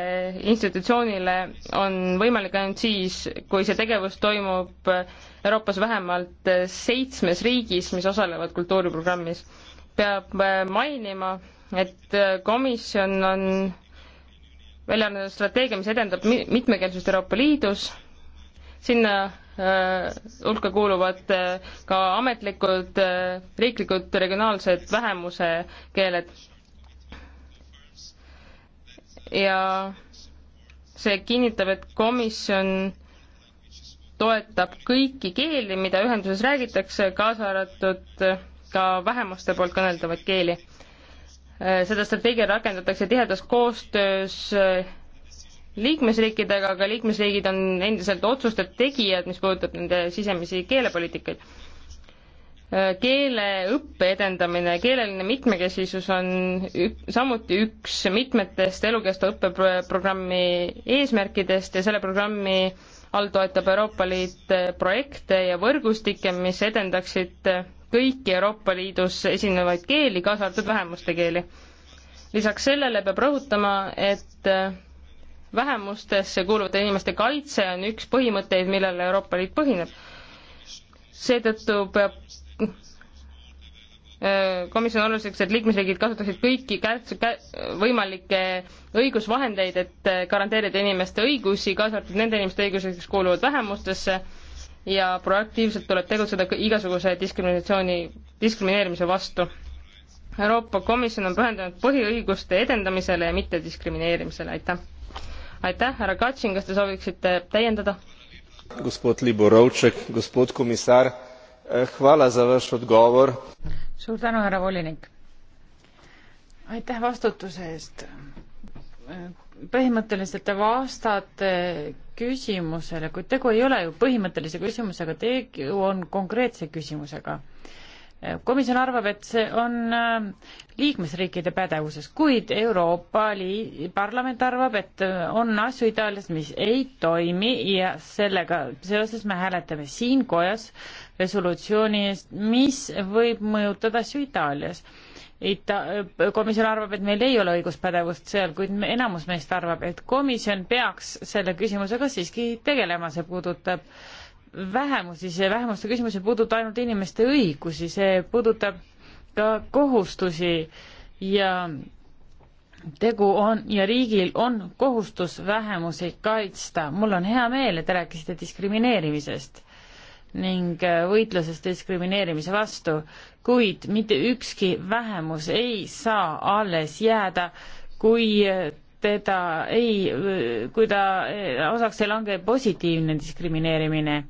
institutsioonile on võimalik ainult siis, kui see tegevus toimub äh, Euroopas vähemalt seitsmes riigis, mis osalevad kultuuriprogrammis. peab äh, mainima, et äh, komisjon on välja andnud strateegia, mis edendab mitmekeelsust Euroopa Liidus, sinna äh, hulka äh, kuuluvad äh, ka ametlikud äh, riiklikud regionaalsed vähemuse keeled. ja see kinnitab, et komisjon toetab kõiki keeli, mida ühenduses räägitakse, kaasa arvatud ka vähemuste poolt kõneldavaid keeli. seda strateegiat rakendatakse tihedas koostöös liikmesriikidega, aga liikmesriigid on endiselt otsuste tegijad, mis puudutab nende sisemisi keelepoliitikaid. keeleõppe edendamine, keeleline mitmekesisus on ük, samuti üks mitmetest elukestva õppeprogrammi eesmärkidest ja selle programmi äh, all toetab Euroopa Liit eh, projekte ja võrgustikke, mis edendaksid eh, kõiki Euroopa Liidus esinevaid keeli, kaasa arvatud vähemuste keeli. lisaks sellele peab rõhutama, et eh, vähemustesse kuuluvate inimeste kaitse on üks põhimõtteid, millele Euroopa Liit põhineb. seetõttu peab Äh, komisjon oluliseks, et liikmesriigid kasutaksid kõiki kärts- kä,, võimalikke õigusvahendeid, et äh, garanteerida inimeste õigusi, kaasa arvatud nende inimeste õigused, kes kuuluvad vähemustesse, ja proaktiivselt tuleb tegutseda igasuguse diskriminatsiooni, diskrimineerimise vastu. Euroopa Komisjon on pühendunud põhiõiguste edendamisele ja mittediskrimineerimisele, aitäh! aitäh, härra Katsin, kas te sooviksite täiendada? gospod Liborovtšek, gospod komissar Hvala za vaš odgovor. suur tänu, härra volinik. aitäh vastutuse eest. põhimõtteliselt te vastate küsimusele, kuid tegu ei ole ju põhimõttelise küsimusega, tegu on konkreetse küsimusega. komisjon arvab, et see on äh, liikmesriikide pädevuses, kuid Euroopa Liit, parlament arvab, et on asju Itaalias, mis ei toimi ja sellega seoses me hääletame siin kojas äh, resolutsiooni eest, mis võib mõjutada asju Itaalias. Ita-, komisjon arvab, et meil ei ole õiguspädevust seal, kuid me, enamus meist arvab, et komisjon peaks selle küsimusega siiski tegelema, see puudutab vähemusi, see vähemuste küsimus ei puuduta ainult inimeste õigusi, see puudutab ka kohustusi ja tegu on ja riigil on kohustus vähemusi kaitsta. mul on hea meel, et te rääkisite diskrimineerimisest ning äh, võitluses diskrimineerimise vastu, kuid mitte ükski vähemus ei saa alles jääda, kui äh, teda ei, äh, kui ta osaks ei lange positiivne diskrimineerimine.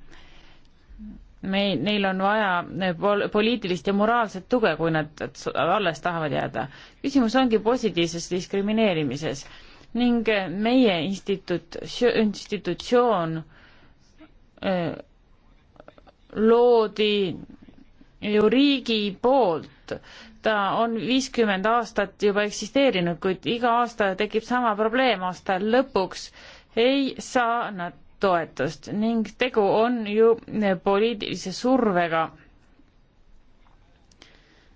me, neil on vaja pol-, poliitilist ja moraalset tuge, kui nad alles tahavad jääda. küsimus ongi positiivses diskrimineerimises ning meie instituut, institutsioon öö, loodi ju riigi poolt. ta on viiskümmend aastat juba eksisteerinud, kuid iga aasta tekib sama probleem, aasta lõpuks ei saa nad toetust ning tegu on ju poliitilise survega.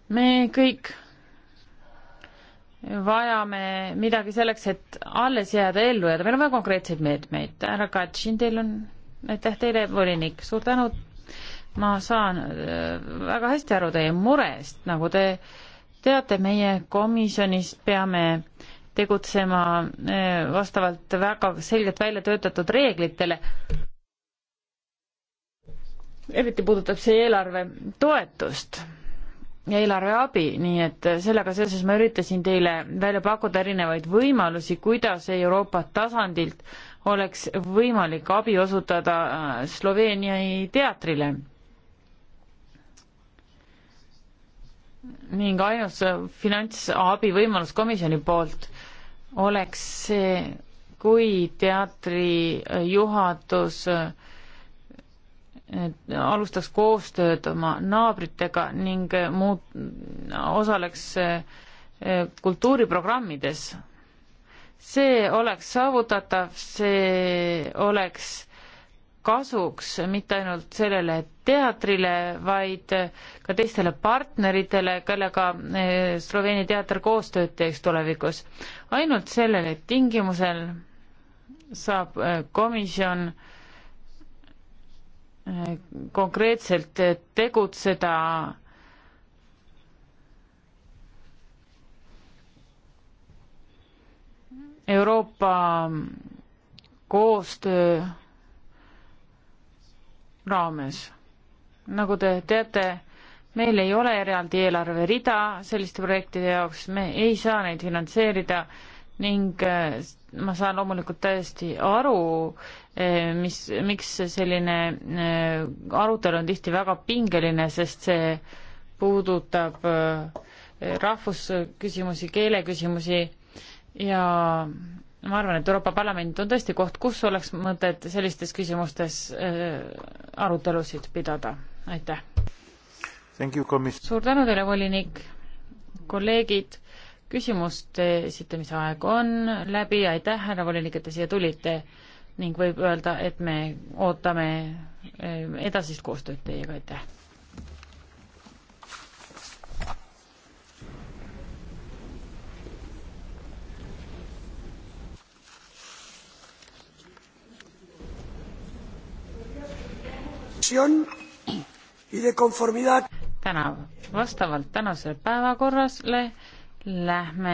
me kõik vajame midagi selleks, et alles jääda ellu jääda, meil on väga konkreetseid meetmeid. härra Katšin, teil on, aitäh teile, volinik, suur tänu ma saan äh, väga hästi aru teie murest, nagu te teate, meie komisjonis peame tegutsema äh, vastavalt väga selgelt välja töötatud reeglitele. eriti puudutab see eelarve toetust ja eelarve abi, nii et sellega seoses ma üritasin teile välja pakkuda erinevaid võimalusi, kuidas Euroopa tasandilt oleks võimalik abi osutada äh, Sloveenia teatrile ning ainus äh, finantsabi võimalus komisjoni poolt oleks see, kui teatri äh, juhatus äh, alustaks koostööd oma naabritega ning muud, osaleks kultuuriprogrammides. see oleks saavutatav, see oleks kasuks mitte ainult sellele teatrile, vaid ka teistele partneritele, kellega eh, Sloveenia teater koostööd teeks tulevikus. ainult sellel tingimusel saab eh, komisjon eh, konkreetselt tegutseda Euroopa koostöö raames. nagu te teate, meil ei ole eraldi eelarverida selliste projektide jaoks, me ei saa neid finantseerida ning äh, ma saan loomulikult täiesti aru, äh, mis, miks selline äh, arutelu on tihti väga pingeline, sest see puudutab rahvusküsimusi, keeleküsimusi ja ma arvan, et Euroopa Parlament on tõesti koht, kus oleks mõtet sellistes küsimustes äh, arutelusid pidada. aitäh! suur tänu teile, volinik, kolleegid, küsimuste esitamise aeg on läbi, aitäh, härra volinik, et te siia tulite ning võib öelda, et me ootame äh, edasist koostööd teiega, aitäh! täna vastavalt tänasele päevakorrale lähme